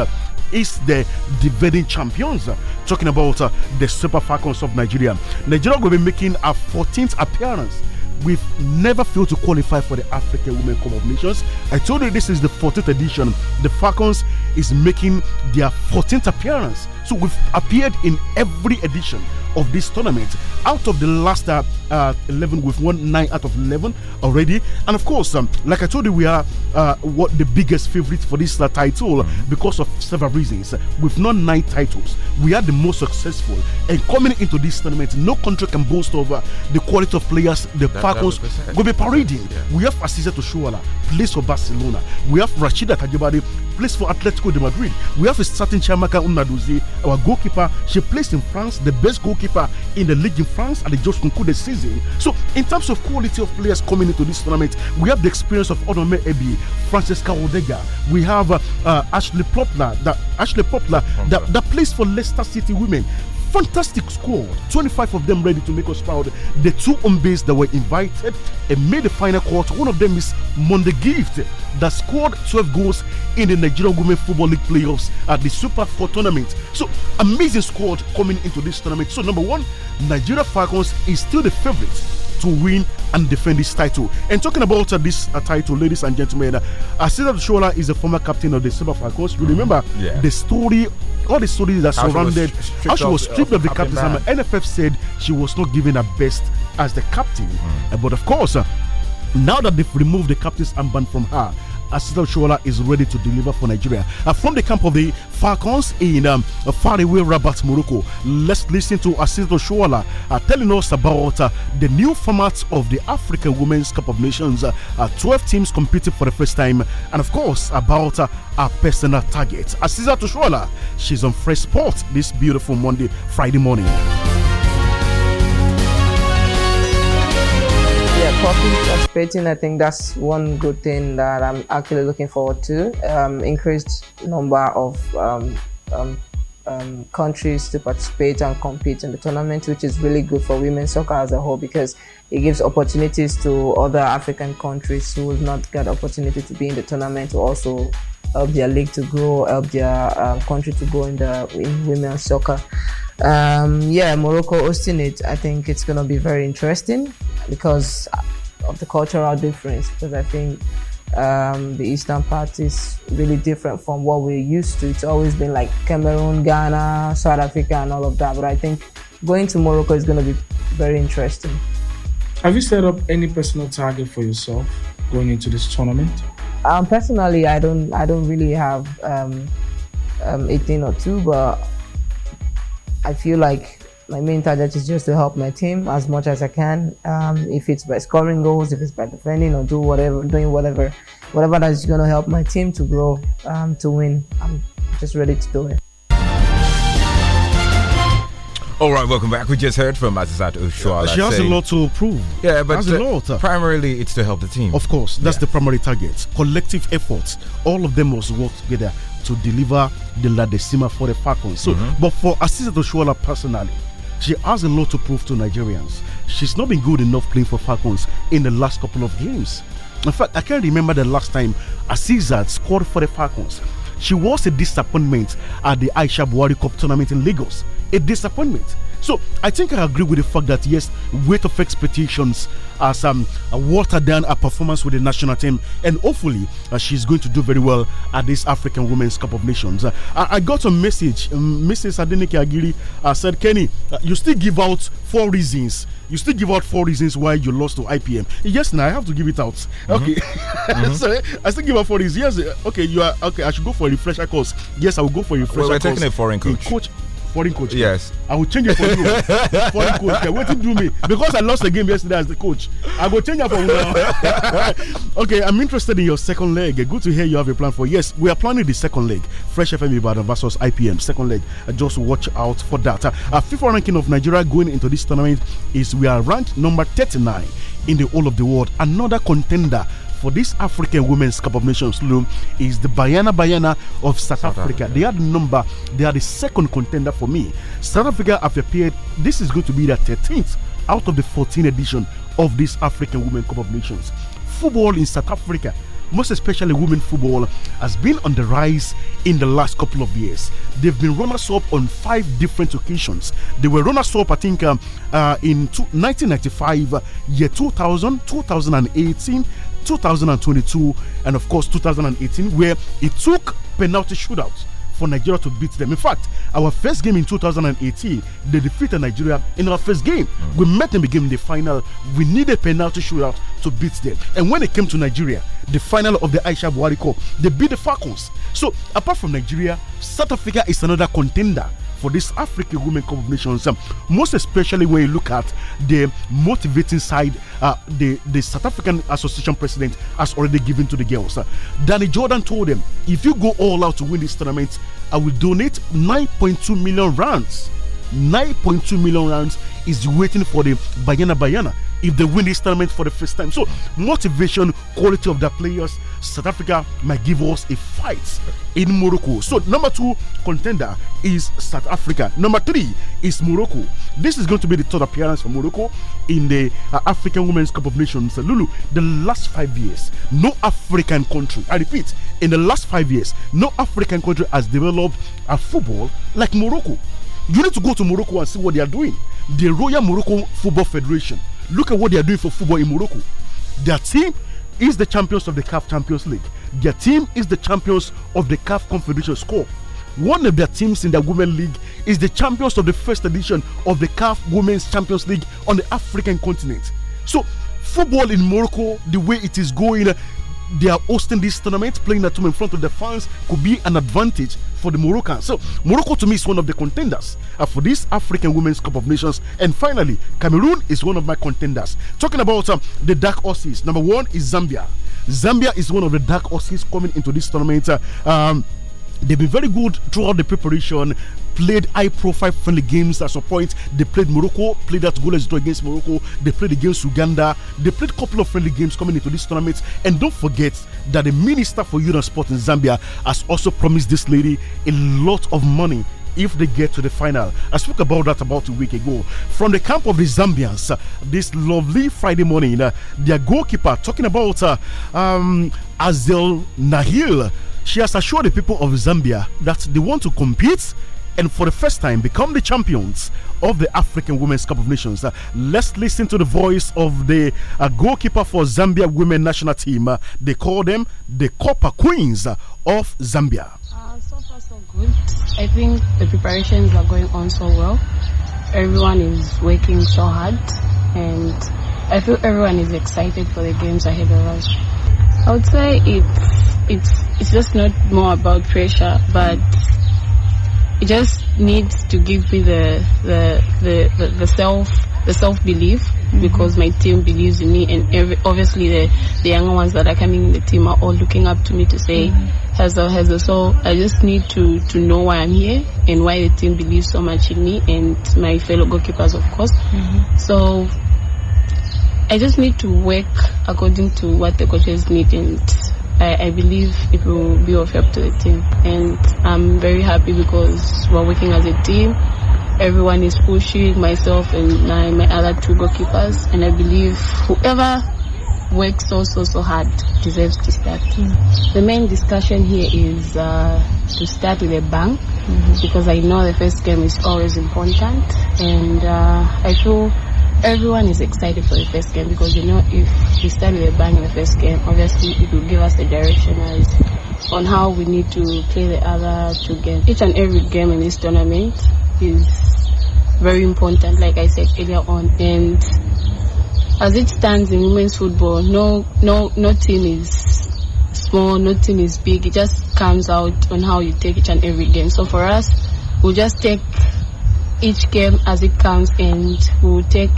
is the defending champions. Talking about uh, the Super Falcons of Nigeria. Nigeria will be making a 14th appearance we've never failed to qualify for the African Women Cup of Nations. I told you this is the 14th edition. The Falcons is making their 14th appearance. So we've appeared in every edition of this tournament. Out of the last uh, uh, 11, we've won 9 out of 11 already. And of course, um, like I told you, we are uh, what the biggest favorite for this uh, title mm-hmm. because of several reasons. We've won 9 titles. We are the most successful. And coming into this tournament, no country can boast of uh, the quality of players the that, Falcons will be parading. Yeah. We have Assisa Toshuala, place for Barcelona. We have Rashida Kajibade, place for Atletico de Madrid. We have a certain Chamaka Unaduzi, our goalkeeper. She plays in France, the best goalkeeper goalkeeper in the league in France and they just concluded the season. So, in terms of quality of players coming into this tournament, we have the experience of Onome Ebi, Francesca Odega, we have uh, uh, Ashley Poplar, that Ashley Poplar that, that plays for Leicester City Women fantastic squad, 25 of them ready to make us proud. The two on that were invited and made the final quarter, one of them is Monday Gift that scored 12 goals in the Nigerian Women Football League playoffs at the Super Four tournament. So, amazing squad coming into this tournament. So, number one, Nigeria Falcons is still the favorites to win and defend this title. And talking about uh, this uh, title, ladies and gentlemen, uh, that Shola is a former captain of the Silver Falcons. You mm-hmm. remember yeah. the story, all the stories that how surrounded she how she was stripped of, of, the captain's captain armor. NFF said she was not given her best as the captain, mm. but of course, uh, now that they've removed the captain's armband from her Assistant Shola is ready to deliver for Nigeria. Uh, from the camp of the Falcons in um, faraway Rabat, Morocco, let's listen to Assistant Shola uh, telling us about uh, the new format of the African Women's Cup of Nations. Uh, uh, 12 teams competing for the first time, and of course, about our uh, personal target. Assistant Shola, she's on Fresh Sport this beautiful Monday, Friday morning. profit participating, I think that's one good thing that I'm actually looking forward to. Um, increased number of um, um, um, countries to participate and compete in the tournament, which is really good for women's soccer as a whole because it gives opportunities to other African countries who will not get opportunity to be in the tournament to also help their league to grow, help their um, country to grow in the in women's soccer. Um, yeah, Morocco hosting it, I think it's going to be very interesting because of the cultural difference because I think um, the Eastern part is really different from what we're used to. It's always been like Cameroon, Ghana, South Africa, and all of that. But I think going to Morocco is going to be very interesting. Have you set up any personal target for yourself going into this tournament? Um, personally, I don't, I don't really have um, 18 um, or two, but I feel like my main target is just to help my team as much as I can. Um, if it's by scoring goals, if it's by defending or do whatever, doing whatever, whatever that's going to help my team to grow, um, to win. I'm just ready to do it. All right, welcome back. We just heard from Azizat Oshua. Yeah, she has saying, a lot to prove. Yeah, but uh, primarily it's to help the team. Of course, that's yeah. the primary target. Collective efforts. All of them must work together to deliver the La Decima for the Falcons. So, mm -hmm. but for Azizat Oshua personally, she has a lot to prove to Nigerians. She's not been good enough playing for Falcons in the last couple of games. In fact, I can't remember the last time Aziza scored for the Falcons. She was a disappointment at the Aisha Buhari Cup tournament in Lagos. A disappointment. So I think I agree with the fact that yes, weight of expectations has um, watered down her performance with the national team, and hopefully uh, she's going to do very well at this African Women's Cup of Nations. Uh, I, I, got a message, um, Mrs. Adenike Agiri uh, said, Kenny, uh, you still give out four reasons. You still give out four reasons why you lost to IPM. Yes, now I have to give it out. Mm-hmm. Okay, mm -hmm. so I still give out four reasons. Yes, uh, okay, you are okay. I should go for a refresher course. Yes, I will go for a refresher. Well, we're course. taking a foreign coach. A coach foreign coach. Yes. I will change it for you. foreign coach. Okay, wait to do me. Because I lost the game yesterday as the coach. I will change it for now. okay, I'm interested in your second leg. Good to hear you have a plan for. Yes, we are planning the second leg. Fresh FM Ibadan versus IPM. Second leg. Uh, just watch out for that. Uh, our FIFA ranking of Nigeria going into this tournament is we are ranked number 39 in the whole of the world. Another contender for this African Women's Cup of Nations loom is the Bayana Bayana of South, South Africa. Africa. They are the number, they are the second contender for me. South Africa have appeared, this is going to be the 13th out of the 14th edition of this African Women's Cup of Nations. Football in South Africa most especially women football, has been on the rise in the last couple of years. They've been runners up on five different occasions. They were runners up, I think, um, uh, in 1995, uh, year 2000, 2018, 2022 and of course 2018 where it took penalty shootouts for Nigeria to beat them. In fact, our first game in 2018, they defeated Nigeria in our first game. Mm We met them again in the final. We needed penalty shootout to beat them. And when it came to Nigeria, the final of the Aisha Buhari Cup, they beat the Falcons. So apart from Nigeria, South Africa is another contender for this African Women Cup of Nations, um, most especially when you look at the motivating side uh, the, the South African Association president has already given to the girls. Uh, Danny Jordan told them, if you go all out to win this tournament, I will donate 9.2 million rands. 9.2 million rands is waiting for the Bayana Bayana if they win this tournament for the first time. So, motivation, quality of the players, South Africa might give us a fight in Morocco. So, number two contender is South Africa. Number three is Morocco. This is going to be the third appearance for Morocco in the uh, African Women's Cup of Nations. Lulu, the last five years, no African country, I repeat, in the last five years, no African country has developed a football like Morocco. You need to go to Morocco and see what they are doing the Royal Morocco Football Federation. Look at what they are doing for football in Morocco. Their team is the champions of the CAF Champions League. Their team is the champions of the CAF Confederation Cup. One of their teams in the Women League is the champions of the first edition of the CAF Women's Champions League on the African continent. So, football in Morocco, the way it is going, they are hosting this tournament, playing at home in front of the fans could be an advantage for the Moroccans. So, Morocco to me is one of the contenders uh, for this African Women's Cup of Nations. And finally, Cameroon is one of my contenders. Talking about um, the dark horses, number one is Zambia. Zambia is one of the dark horses coming into this tournament. Uh, um, They've been very good throughout the preparation played high profile friendly games at some point. They played Morocco, played that goalless draw against Morocco, they played against Uganda, they played a couple of friendly games coming into this tournament. And don't forget that the Minister for Youth and Sport in Zambia has also promised this lady a lot of money if they get to the final. I spoke about that about a week ago. From the camp of the Zambians, uh, this lovely Friday morning, uh, their goalkeeper talking about uh, um, Azel Nahil. She has assured the people of Zambia that they want to compete and for the first time become the champions of the African Women's Cup of Nations. Uh, let's listen to the voice of the uh, goalkeeper for Zambia women national team. Uh, they call them the Copper Queens uh, of Zambia. Uh, so far, so good. I think the preparations are going on so well. Everyone is working so hard, and I feel everyone is excited for the games ahead of us. I would say it's it's it's just not more about pressure, but it just needs to give me the the the, the, the self the self belief mm-hmm. because my team believes in me and every, obviously the the younger ones that are coming in the team are all looking up to me to say mm mm-hmm. has a has a so I just need to to know why I'm here and why the team believes so much in me and my fellow goalkeepers of course mm-hmm. so I just need to work according to what the coaches need and I, I believe it will be of help to the team. And I'm very happy because we're working as a team. Everyone is pushing, myself and my other two goalkeepers. And I believe whoever works so, so, so hard deserves to start. Mm. The main discussion here is uh, to start with a bang mm-hmm. because I know the first game is always important. And uh, I feel everyone is excited for the first game because you know if we start with a bang in the first game, obviously it will give us the direction on how we need to play the other two games. Each and every game in this tournament is very important, like I said earlier on, and as it stands in women's football, no no no team is small, no team is big. It just comes out on how you take each and every game. So for us, we we'll just take each game as it comes and we'll take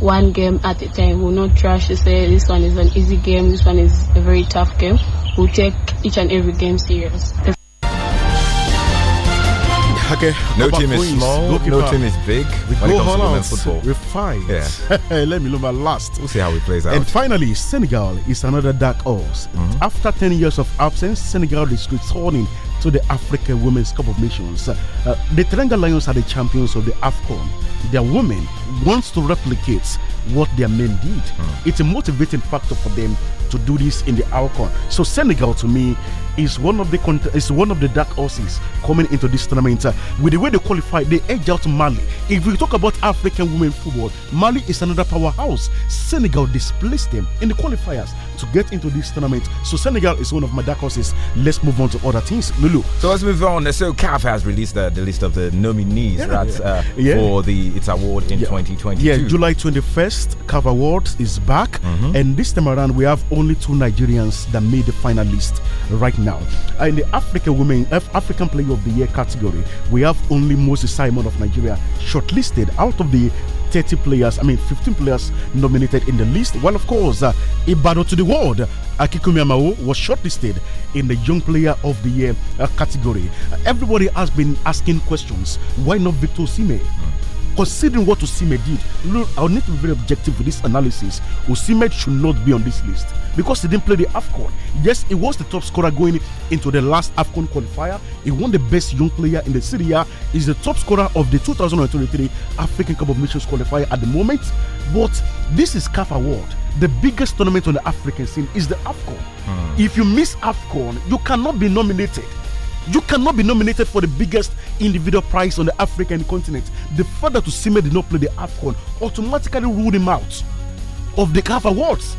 one game at a time. We'll not rush to say this one is an easy game, this one is a very tough game. We'll take each and every game serious. Okay, no team is small, no team is big. We go all out. Football. We fight. Yeah. Let me look my last. We'll see how it plays out. And finally, Senegal is another dark horse. Mm -hmm. After 10 years of absence, Senegal is returning to the African Women's Cup of Nations. Uh, the Teranga Lions are the champions of the AFCON. Their women wants to replicate what their men did. Mm. It's a motivating factor for them to do this in the AFCON. So Senegal, to me, is one of the is one of the dark horses coming into this tournament. Uh, with the way they qualify, they edge out Mali. If we talk about African women football, Mali is another powerhouse. Senegal displaced them in the qualifiers to get into this tournament. So Senegal is one of my dark horses. Let's move on to other things. Lulu. So let's move on. So CAF has released the, uh, the list of the nominees yeah. uh, yeah. for the its award in yeah. 2022. Yeah, July 21st, CAF Awards is back. Mm -hmm. And this time around, we have only two Nigerians that made the final list right now. Uh, in the African Women, African Player of the Year category, we have only Moses Simon of Nigeria shortlisted out of the 30 players, I mean 15 players nominated in the list. Well, of course, uh, a battle to the world. Akikumi Amao was shortlisted in the Young Player of the Year uh, category. Uh, everybody has been asking questions. Why not Victor Sime? Mm. Considering what Osime did, look, I'll need to be very objective with this analysis. Osime should not be on this list because he didn't play the AFCON. Yes, he was the top scorer going into the last AFCON qualifier. He won the best young player in the Syria. He's the top scorer of the 2023 African Cup of Nations qualifier at the moment. But this is CAF Award the biggest tournament on the African scene is the AFCON. Mm. If you miss AFCON, you cannot be nominated you cannot be nominated for the biggest individual prize on the African continent. The fact that Usime did not play the AFCON automatically ruled him out of the CAF Awards.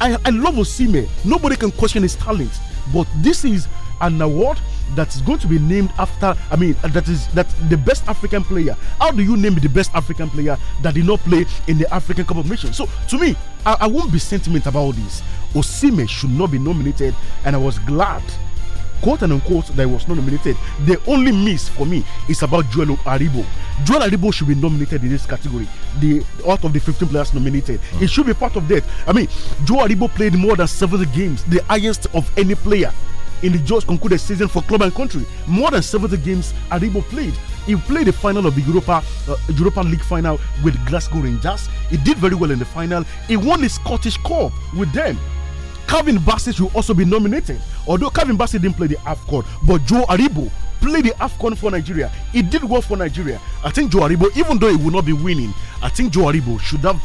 I, I love Osime. Nobody can question his talent. But this is an award that is going to be named after. I mean, uh, that is that the best African player. How do you name the best African player that did not play in the African Cup of Nations? So to me, I, I won't be sentiment about this. Osime should not be nominated, and I was glad quote and unquote, that was not nominated. The only miss for me is about Joel Aribo. Joel Aribo should be nominated in this category. The out of the 15 players nominated, mm. it should be part of that. I mean, Joel Aribo played more than 70 games, the highest of any player in the just concluded season for club and country. More than 70 games Aribo played. He played the final of the Europa uh, Europa League final with Glasgow Rangers. He did very well in the final. He won the Scottish Cup with them. Calvin Bassett will also be nominated. Although Calvin Bassett didn't play the AFCON, but Joe Aribo played the AFCON for Nigeria. He did well for Nigeria. I think Joe Aribo, even though he will not be winning, I think Joe Aribo should have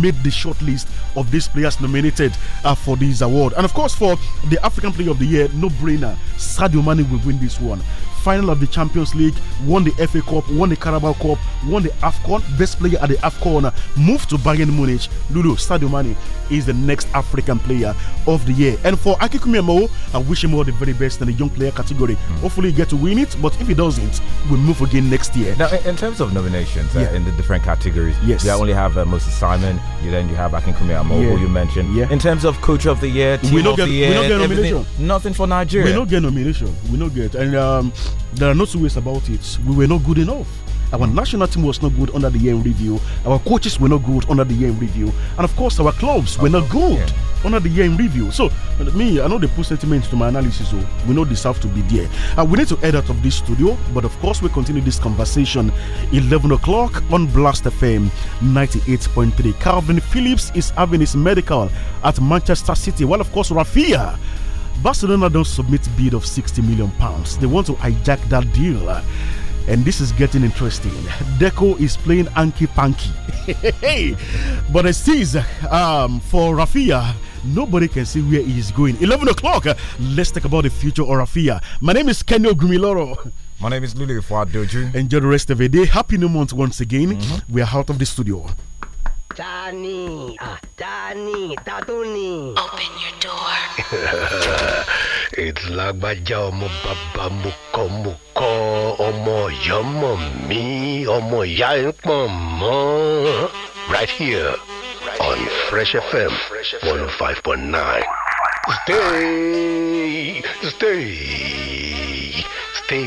made the short list of these players nominated uh, for this award. And of course, for the African Player of the Year, no brainer, Sadio Mane will win this one final of the Champions League, won the FA Cup, won the Carabao Cup, won the AFCON, best player at the AFCON, moved to Bayern Munich. Lulu Sadio Mane is the next African player of the year. And for Akikumi Emo, I wish him all the very best in the young player category. Mm. Hopefully, he get to win it, but if he doesn't, we will move again next year. Now, in, terms of nominations uh, yeah. uh, in the different categories, yes, you only have uh, Moses Simon, you then you have Akikumi Emo, yeah. who you mentioned. Yeah. In terms of coach of the year, team we of get, the year, nothing for Nigeria. We don't get nomination. We don't get, and um, there are no two ways about it. We were not good enough. Our hmm. national team was not good under the year in review. Our coaches were not good under the year in review. And of course, our clubs were not good yeah. under the year in review. So, me, I know they put sentiments to my analysis, so we know deserve to be there. Uh, we need to head out of this studio, but of course, we continue this conversation 11 o'clock on Blast FM 98.3. Calvin Phillips is having his medical at Manchester City. Well, of course, Rafia Barcelona don't submit bid of 60 million pounds. They want to hijack that deal. And this is getting interesting. Deco is playing Anki Panky. but it seems um, for Rafia, nobody can see where he is going. 11 o'clock, let's talk about the future of Rafia. My name is Kenyo Gumiloro. My name is Lulu Fadoju. Enjoy the rest of the day. Happy new month once again. Mm -hmm. We are out of the studio. Johnny, ah, Tani, Tatuni. Open your door. it's lágbájá ọmọ bàbá mukọ mukọ ọmọ ìyá ọmọ ọmọ ìyá mama. Right here on Fresh FM 105.9. Stay, stay, stay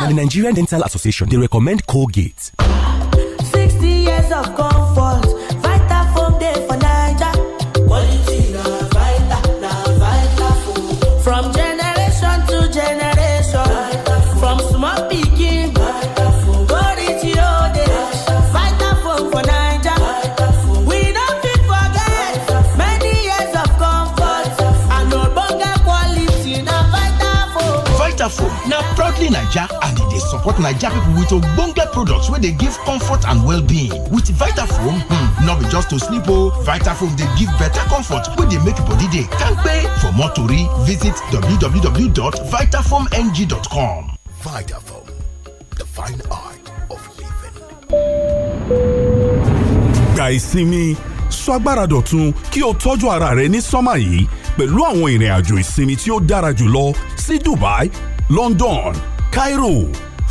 Now, the Nigerian Dental Association, they recommend Colgate. 60 years of comfort. naija and they support naija people with ogbonge products where they give comfort and well-being with vitafoam hmm no be just to sleep oh. vitafoam they give better comfort where they make body day. dey pay for more to read. visit www.vitafoamng.com vitafoam the fine art of living. Guys, see me. sọ agbára dọ̀tun kí o tọ́jú ara rẹ ní sọ́mà yìí pẹ̀lú àwọn ìrìn àjò ìsinmi tí ó dára jùlọ sí Dubai, London Cairo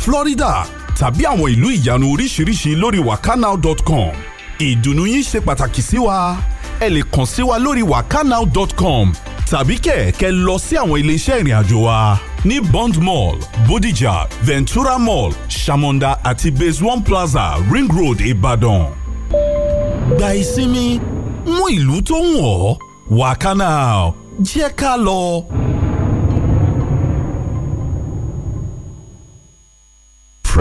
Florida tàbí àwọn ìlú ìyanu oríṣiríṣi lórí wakanow.com ìdùnnú yín ṣe pàtàkì sí wa ẹ lè kàn sí wa lórí wakanow.com tàbí kẹ̀kẹ́ lọ sí àwọn iléeṣẹ́ ìrìn àjò wa ní Bond Mall Bodija Ventura Mall Shamonda àti Base One Plaza Ring Road Ìbàdàn. gba ìsinmi mú ìlú tó ń wọ̀ Wakanow jẹ́ ká lọ.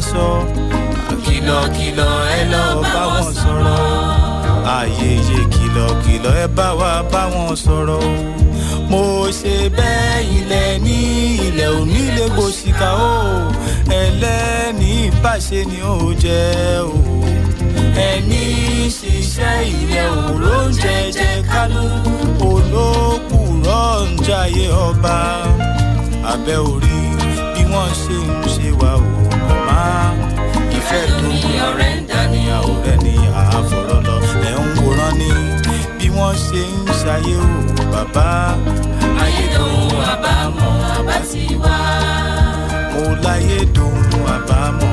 aṣọ. kìlọ̀kìlọ̀ ẹ lọ bá wọn sọ̀rọ̀. ayẹyẹ kìlọ̀kìlọ̀ ẹ bá wa bá wọn sọ̀rọ̀ o. mo ṣe bẹ́ẹ̀ ilẹ̀ ní ilẹ̀ òní lè gbòṣìkà o. ẹlẹ́ni ìbáṣe ni ó jẹ́ o. ẹni ṣiṣẹ́ ilẹ̀ òró ń jẹjẹ kánú màmá ìfẹ́ tó ní ọ̀rẹ́ ń dání àwòrẹ́ ní àfọ̀rọ̀ lọ ẹ̀ ń wòran ní bí wọ́n ṣe ń ṣayé o bàbá. ayédòun àbámọ̀ àbá ti wá. mo láyé dòun àbámọ̀.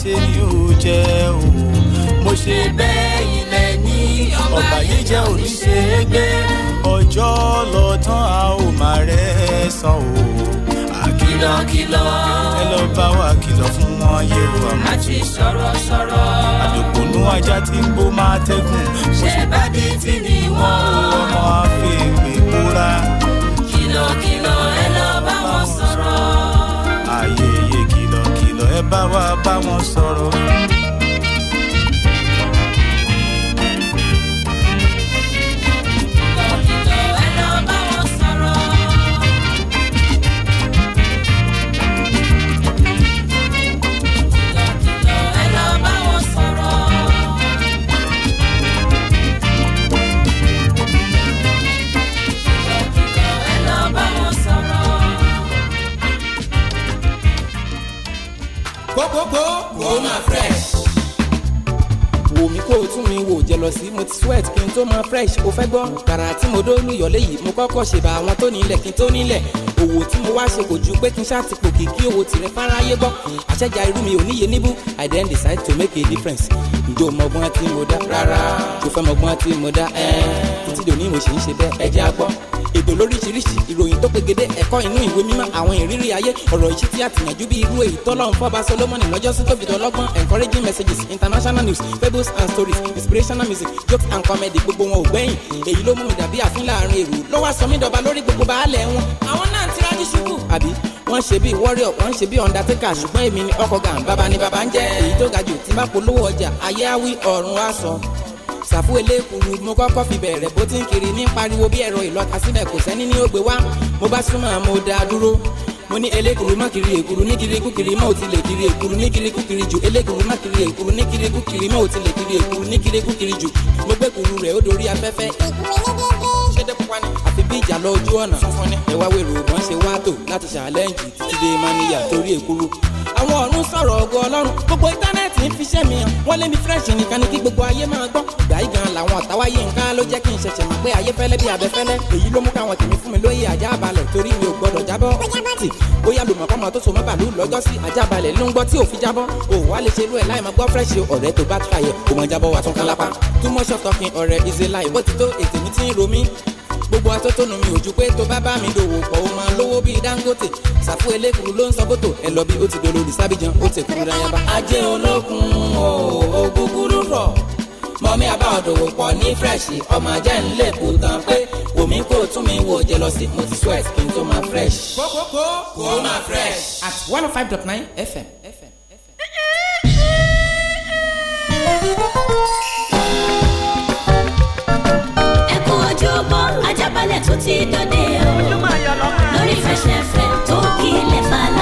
ṣe ni ó jẹ́ o. mo ṣe bẹ́ẹ̀ ilẹ̀ ní ọba yìí jẹ́ oníṣègbè ọjọ́ lọ́tàn a ò máa rẹ̀ sàn o. àkìlọ̀kìlọ̀ ẹ lọ bá wa kìlọ̀ fún wọn yé o àmọ́. àti sọ̀rọ̀ sọ̀rọ̀. àdògbònú ajá tí ń gbó máa tẹ́gùn. ṣé bàdí tí ni wọ́n. ọmọ àfẹ́gbẹ́ kóra. kìlọ̀kìlọ̀ ẹ lọ bá wọn sọ̀rọ̀. àyè bá wa bá wọn sọ̀rọ̀. kókó kó má fresh. wò mi kó o tún mi wò jẹ lọ sí mo ti sweat kí n tó máa fresh o fẹ́ gbọ́ kàrà tí mo dó ní ìyọ̀lẹ́ yìí mo kọ́kọ́ ṣèbà àwọn tó nílẹ̀ kí n tó nílẹ̀ owó tí mo wá ṣe kò ju pé kí n ṣáàtì pòkì kí owó tìrẹ fáráyé gbọ́ àṣẹjà irú mi ò níye níbú i then decide to make a difference ǹjọ́ mọ̀gbọ́n tí mo dá rárá tó fẹ́ mọ̀gbọ́n tí mo dá ẹ́ẹ́ títí dòní mo ṣì ń ṣe bẹ́ẹ̀ ẹ á gbọ́ ètò lóríṣiríṣi ìròyìn tó pegedé ẹ̀kọ́ inú ìwé mímọ́ àwọn ìrírí ayé ọ̀rọ̀ ìṣí tí a tìyànjú bí irú èyí tọ́lọ́run fọ́ba solomoni lọ́jọ́sí tó fìdó encouraging messages international news fables and stories inspirational music jokes and comedy gbogbo wọn ò gbẹ́yìn èyí ló mú mi dàbí àfin láàrin èrò ló wá sọ mí dọba lórí gbogbo baálẹ̀ wọn. àwọn náà ti rájú ṣubú. àbí wọ́n ṣe bí warrior wọ́n ṣe bí undertaker ṣùgbọ́n èmi ni ọkọ̀ gàn bàbá ni bàbá ń jẹ́ èyí tó ga jù tí bá polówó ọjà ayé á ọ̀run á sọ ṣàfù elékùrú mo kọ́kọ́ fi bẹ̀rẹ̀ bó ti ń kiri ní pariwo bí ẹ̀rọ ìlọ́ta síbẹ̀ kò sẹ́ni ní ògbé wá mo bá súnmọ́ mo dá dúró mo ní elékùrú má kiri èkùrú ní kiri kúkiri má ò ti lè kiri èkùrú ní kiri kúkiri jù elékùrú má kiri èkùrú ní kiri kúkiri má ò ti lè kiri èkùrú ní kiri kúkiri jù mo gbé kùrú rẹ̀ ó dorí afẹ́fẹ́. àfi bí ìjà lọ ojú ọ̀nà ẹ̀wá wèrò wọ́n ṣe wá tò láti ṣàlẹ́ǹjì àwọn ọ̀run sọ̀rọ̀ ògo ọlọ́run gbogbo íńtánẹ́ẹ̀tì ń fiṣẹ́ mi hàn wọ́n lé mi fresh nìkan ni kí gbogbo ayé máa gbọ́ ìgbà yìí gan làwọn ọ̀táwá yé nǹkan ló jẹ́ kí n ṣẹ̀ṣẹ̀ mọ̀ pé ayé fẹ́lẹ́ bí abẹ́fẹ́lẹ́ èyí ló mú káwọn tèmi fún mi lóye àjá balẹ̀ torí mi ò gbọdọ̀ jábọ́ tí bóyá lùmọ̀ kọ́mọ tó so mọ́ bàálù lọ́jọ́ sí àjá balẹ̀ ló ń gbọ́ tí ò fi jábọ́ ò wá lè ṣerú ẹ̀ láì máa gbọ́ fresh ọ̀rẹ́ tó bá tàyẹ̀ kò mọ̀ jábọ́ wa tún kálápá too much of talking ọ̀rẹ́ is a lie bó ti tó ètè mi ti ń ro mí gbogbo atótónu mi ò ju pé tó bá bá mi dòwò pọ̀ ó máa lówó bíi Dangote ṣàfù elékuru ló ń sọ bótò ẹ lọ bí ó ti dolórí sábìjan ó ti kúrú dáyàbá. ajé olókun ò gúgúrú rọ̀ mọ̀mí àbá ọ̀dọ̀wò pọ̀ ní fresh ọmọ ajá ń lè kú tán pé omi kò tún mi wò jẹ lọ sí mo ti sweat kí n tó máa fresh. kókókó kó máa fresh. at one oh five dot nine FM. FM. FM. tún ti dòde o lórí fẹsẹ̀fẹ̀ tó kílẹ̀ fàlà.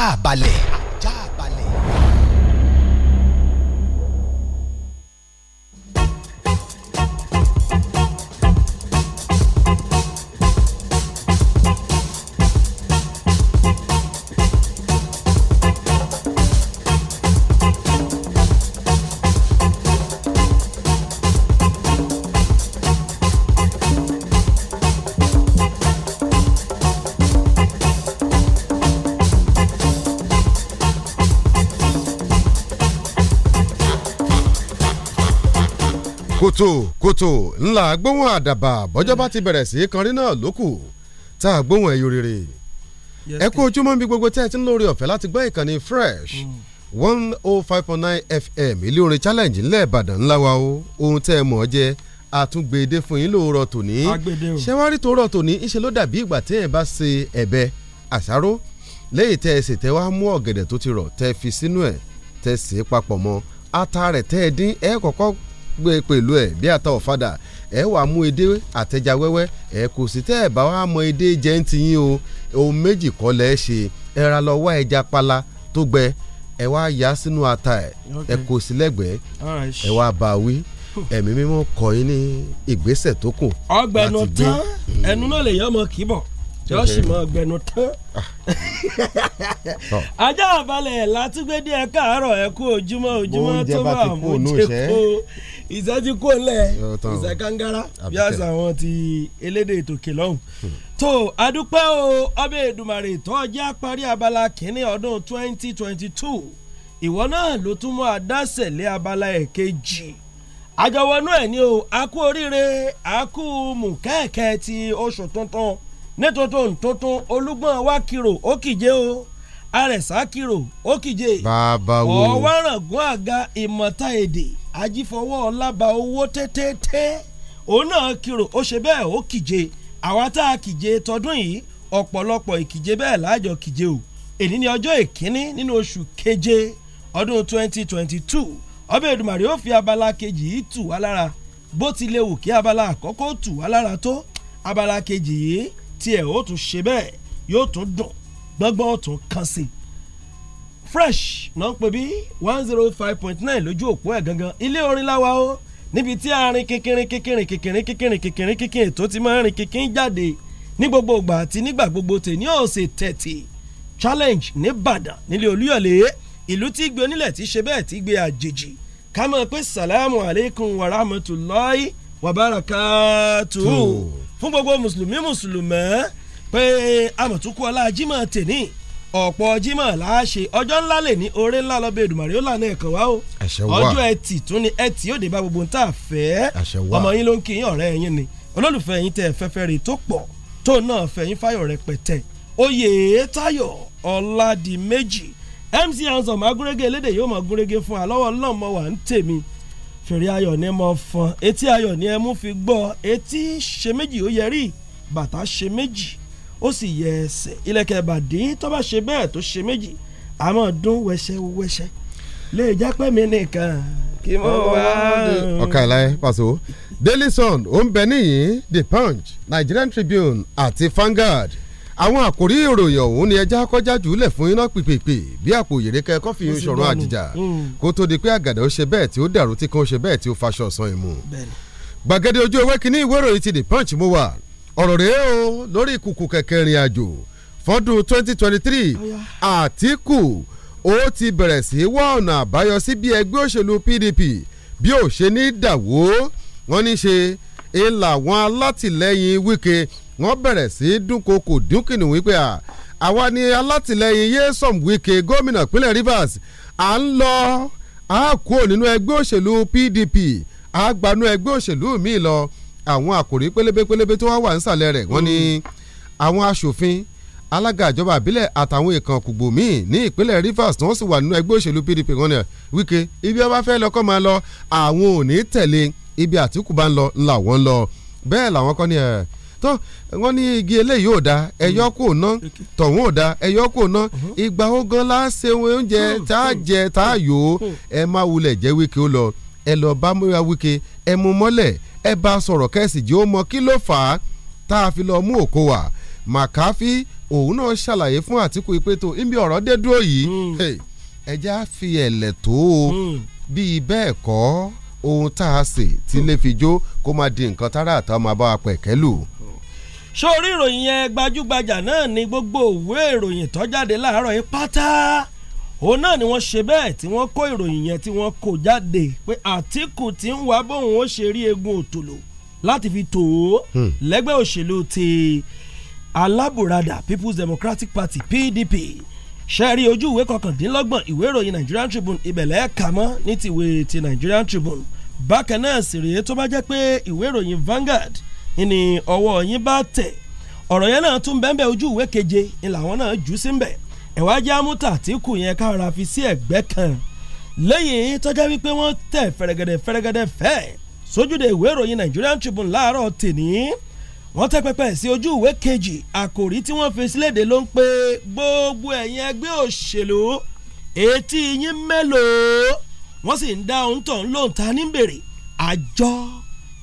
ajá balẹ̀. kùtùkùtù ńlá gbóhùn àdàbà bọ́jọ́ bá ti bẹ̀rẹ̀ sí kanrin náà lókù tá a gbóhùn ẹ̀yọ́ rere ẹ kú ojúmọ́ bí gbogbo tẹ́ ẹ ti ń lórí ọ̀fẹ́ láti gbọ́ ìkànnì fresh mm. one oh five point nine fm ilé orin challenge ńlẹ̀ ìbàdàn ńlá wa o ohun tẹ́ ẹ mọ̀ ọ́ jẹ́ àtúngbèdè e fún yín lóòrọ̀ tòní e ṣẹ́wárí tó rọ̀ tòní ńṣe ló dàbí ìgbà tí ẹ̀ bá ṣe ẹ̀bẹ àṣàrò lẹ́yìn tẹ́ ẹ sì tẹ́ wá mú ọ̀gẹ̀dẹ̀ tó ti rọ̀ tẹ́ fi sínú ẹ̀ tẹ́ sì papọ̀ mọ́ ata rẹ̀ tẹ́ ẹ dín ẹ kọ́kọ́ gbé e pẹ̀lú ẹ̀ bí àtọ̀ ọ̀fadà ẹ wàá mú edé àtẹja wẹ́wẹ́ ẹ kò sí tẹ́ ẹ bá wàá mọ edé jẹ́ ń tiyín o ohun méjì kọ́ lẹ́ ṣe ẹ ra lọ wá ẹja pala tó gbẹ ẹ wá yá sínú ata ah, ẹ ẹ kò sí lẹ́gbẹ̀ẹ́ ẹ wá bá wí ẹ̀mí mímọ́ kọ́ yín ní ìgbésẹ̀ tó kù. ọgbẹ̀nu tán ẹnu náà lè yọ ọmọ kì bọ̀ yóò sì mọ ọgbẹnu tán. Ah. ajá àbálẹ̀ látúgbédé ẹ káàárọ̀ ẹ kú ojúmọ́ ojúmọ́ tó bá àwọn oúnjẹ kó ìṣẹ́ ti kó lẹ̀ ìṣẹ́ kangara bí àṣà wọn ti elédè tòkè lọ́hùn. Hmm. tó adúpẹ́ o ọbẹ̀ èdùmàrè tó ọjà parí abala kínní ọdún twenty twenty two ìwọ náà ló tún mọ àdásẹ̀lé abala ẹ̀kejì àjọwọ́nú ẹ̀ ní o a kú oríire a kú mùkẹ́ẹ̀kẹ́ ti oṣù tuntun nítòtò ntótó olúgbọ́n wa kiro ó kìje o arẹ̀sá kiro ó kìje ọ̀wárangún àga ìmọ̀ta èdè ajífọwọ́ ọlábà owó tẹ́tẹ́tẹ́ òun náà kiro ó ṣe bẹ́ẹ̀ ó kìje àwa tá a kìje tọdún yìí ọ̀pọ̀lọpọ̀ ìkìje bẹ́ẹ̀ láàjọ kìje o èní ni ọjọ́ ìkíní nínú oṣù keje ọdún twenty twenty two ọbẹ̀ Èdùmàrè ó fi abala kejì yìí tù wá lára bó ti lè wù kí abala àkọ́kọ́ tù wá lára tó abala kejì yìí tiẹ̀ ó tún ṣe bẹ́ẹ̀ yóò tún dùn gbọ́ngbọ́n ó tún kàn sí i fresh náà ń pè bí one zero oh five point nine lójú òpó ẹ̀ gangan ilé orin láwa o níbi tí arin kékeré kékeré kékeré kékeré kékeré kékeré tó ti máa ń rin kékeré jáde ní gbogbo ìgbà àti nígbà gbogbo tèmi ò ṣe tẹ̀tì challenge nìbàdàn nílé olúyọ̀lé ìlú tí gbé onílẹ̀ tí ṣe bẹ́ẹ̀ tí gbé àjèjì ká mọ̀ pé salamu aleykum wa rahmatulahi wa barakatuhu fún gbogbo mùsùlùmí mùsùlùmẹ́ pé àmọ̀túnkù ọlá jímọ̀ tèní ọ̀pọ̀ jímọ̀ láàṣẹ ọjọ́ ńlá lè ní oore ńlá lọ́bẹ̀ èdùmàrè ó lànà ẹ̀kọ́ wa o ọjọ́ ẹtì tún ni ẹtì yóò dé bá gbogbo nta fẹ́ ọmọ yín ló ń kí yín ọ̀rẹ́ yín ni olólùfẹ́ yín tẹ fẹ́fẹ́ rè tó pọ̀ tó náà fẹ́ yín fáyọ̀ rẹpẹtẹ oyè tayo ọ̀làdìmẹ́jì mc hanson magúrégé elédè yóò mọ̀ gúrégé fún wa lọ́wọ́ ọlọ́mọ wa ń tèmi fèrè ayọ̀ ni mo fọn etí ayọ̀ ni ẹ mú fi gbọ́ etí ṣe méjì ó yẹ rí bàtà ṣe méjì ó sì yẹ ẹsẹ̀ ilẹ̀kẹ̀ bàdí tó bá ṣe bẹ́ẹ̀ tó ṣe méjì àmọ́ dún wẹṣẹ wẹṣẹ lè jẹ́ pé mi nìkan kí mo wá. ọ̀ka ìlà ẹ̀ pàṣẹ Daily Sun ó ń bẹ níyìn The Punch Nigerian Tribune àti Vanguard àwọn àkórí ìròyìn ọ̀hún ni ẹja kọjá jùlẹ̀ fún iná pìpèpè bí àpò ìrèké kọfí ìṣòro àjìjà hmm. kó tó di pé àgàdà ó ṣe bẹ́ẹ̀ tí ó dàrú tí kan ṣe bẹ́ẹ̀ tí ó faṣọ ọ̀sán ìmú. gbàgede ojú ewé kínní ìwé ìròyìn ti The Punch mo wà ọ̀rọ̀ rèé o lórí ìkùkù kẹ̀kẹ́ ìrìn àjò fọ́dún 2023 Àtíkù ó ti bẹ̀rẹ̀ sí wá ọ̀nà àbáyọ sí bí ẹgbẹ́ òṣèlú PDP bí ó ṣe ní dàwó wọ́n ní ṣe ńlá wọn alátìlẹ́yìn Wike wọ́n bẹ̀rẹ̀ sí í dúnkokò dúnkìnì wípé àwa ni alátìlẹyìn Nyesom Wike gómìnà ìpínlẹ̀ Rivers à ń lọ a kúrò nínú ẹgbẹ́ òṣèlú PDP a gbanú ẹgbẹ́ òṣèlú míì lọ àwọn àkòrí pélébépélébé tó wá wà nísàlẹ̀ rẹ̀ wọ́n ní àwọn aṣòfin alága ìjọba àbílẹ̀ àtàwọn èèkàn míì ní ìpínlẹ̀ Rivers tí wọ́n sì wà nínú ẹgbẹ́ òṣèlú PDP wọ́n ní Wike ibi ọba fẹ́ lọ́kọ́ máa lọ àwọn ò ní tẹ̀lé ibi Àtíkù bá ń lọ ńlá wọ́n lọ bẹ́ẹ̀ làwọn kọ́ ni ẹ̀ tó wọ́n ní igi eléyìí ò da ẹyọ mm-hmm. kò ná tọ̀hún ò da ẹyọ kò ná mm-hmm. ìgbà ogan la ṣe oúnjẹ mm-hmm. tá a jẹ tá a yò ó ẹ má wulẹ̀ jẹ́ wíkẹ́ ó lọ ẹ lọ bá múra wíkẹ́ ẹ mú mọ́lẹ̀ ẹ bá sọ̀rọ̀ kẹ́sì jẹ́ ó mọ kí ló fà á tá a fi lọ mú òkò wá màkàfí òun náà ṣàlàyé fún àtìkù ìpètò ibi ọ̀rọ̀ dé dúró yìí mm. ẹja fi ẹ̀lẹ̀ tó o mm. bíi bẹ́ẹ̀ kọ́ ohun tá a sè tí lè fi jó kó má di nǹkan tára àtàwọn máa bá wa sórí ìròyìn yẹn gbajúgbajà náà ni gbogbo òwe ìròyìn tó jáde láàárọ̀ yìí pátá òun náà ni wọ́n ṣe bẹ́ẹ̀ tí wọ́n kó ìròyìn yẹn tí wọ́n kó jáde pé Àtíkù tí ń wá bóun ó ṣe rí egun òtòlò láti fi tò ó hmm. lẹ́gbẹ́ òṣèlú ti alábùradà People's Democratic Party PDP ṣẹ́ẹ̀rí ojú ìwé kọkàndínlọ́gbọ̀n ìwé ìròyìn Nigerian Tribune ìbẹ̀lẹ̀ ẹ̀ka mọ́ ní tìwé ti Nigerian Tribune bákan náà sì rèé tó bá jẹ́ pé ìwé ìròyìn Vanguard ni ọwọ́ yín bá tẹ̀ ọ̀rọ̀ yẹn náà tún bẹ́ẹ̀ ojú ìwé keje ni làwọn náà jù sí mbẹ̀ ẹ̀wájú amúta àtìkù yẹn kára fi sí ẹ̀gbẹ́ kan lẹ́yìn tọ́já wípé wọ́n tẹ̀ fẹ̀rẹ̀gẹ̀dẹ̀ fẹ̀rẹ̀gẹ̀dẹ̀ fẹ́ sójúde ìwé ìròyìn Nigerian Tribune láàárọ̀ tèní wọ́n tẹ́ pẹpẹ sí ojú ìwé kejì àkòrí tí wọ́n fi síléde ló ń pe gbogbo ẹ̀yin ẹgbẹ́ òṣèlú etí yín mélòó wọ́n sì ń dá ohun tó ń lòun ta ní àjọ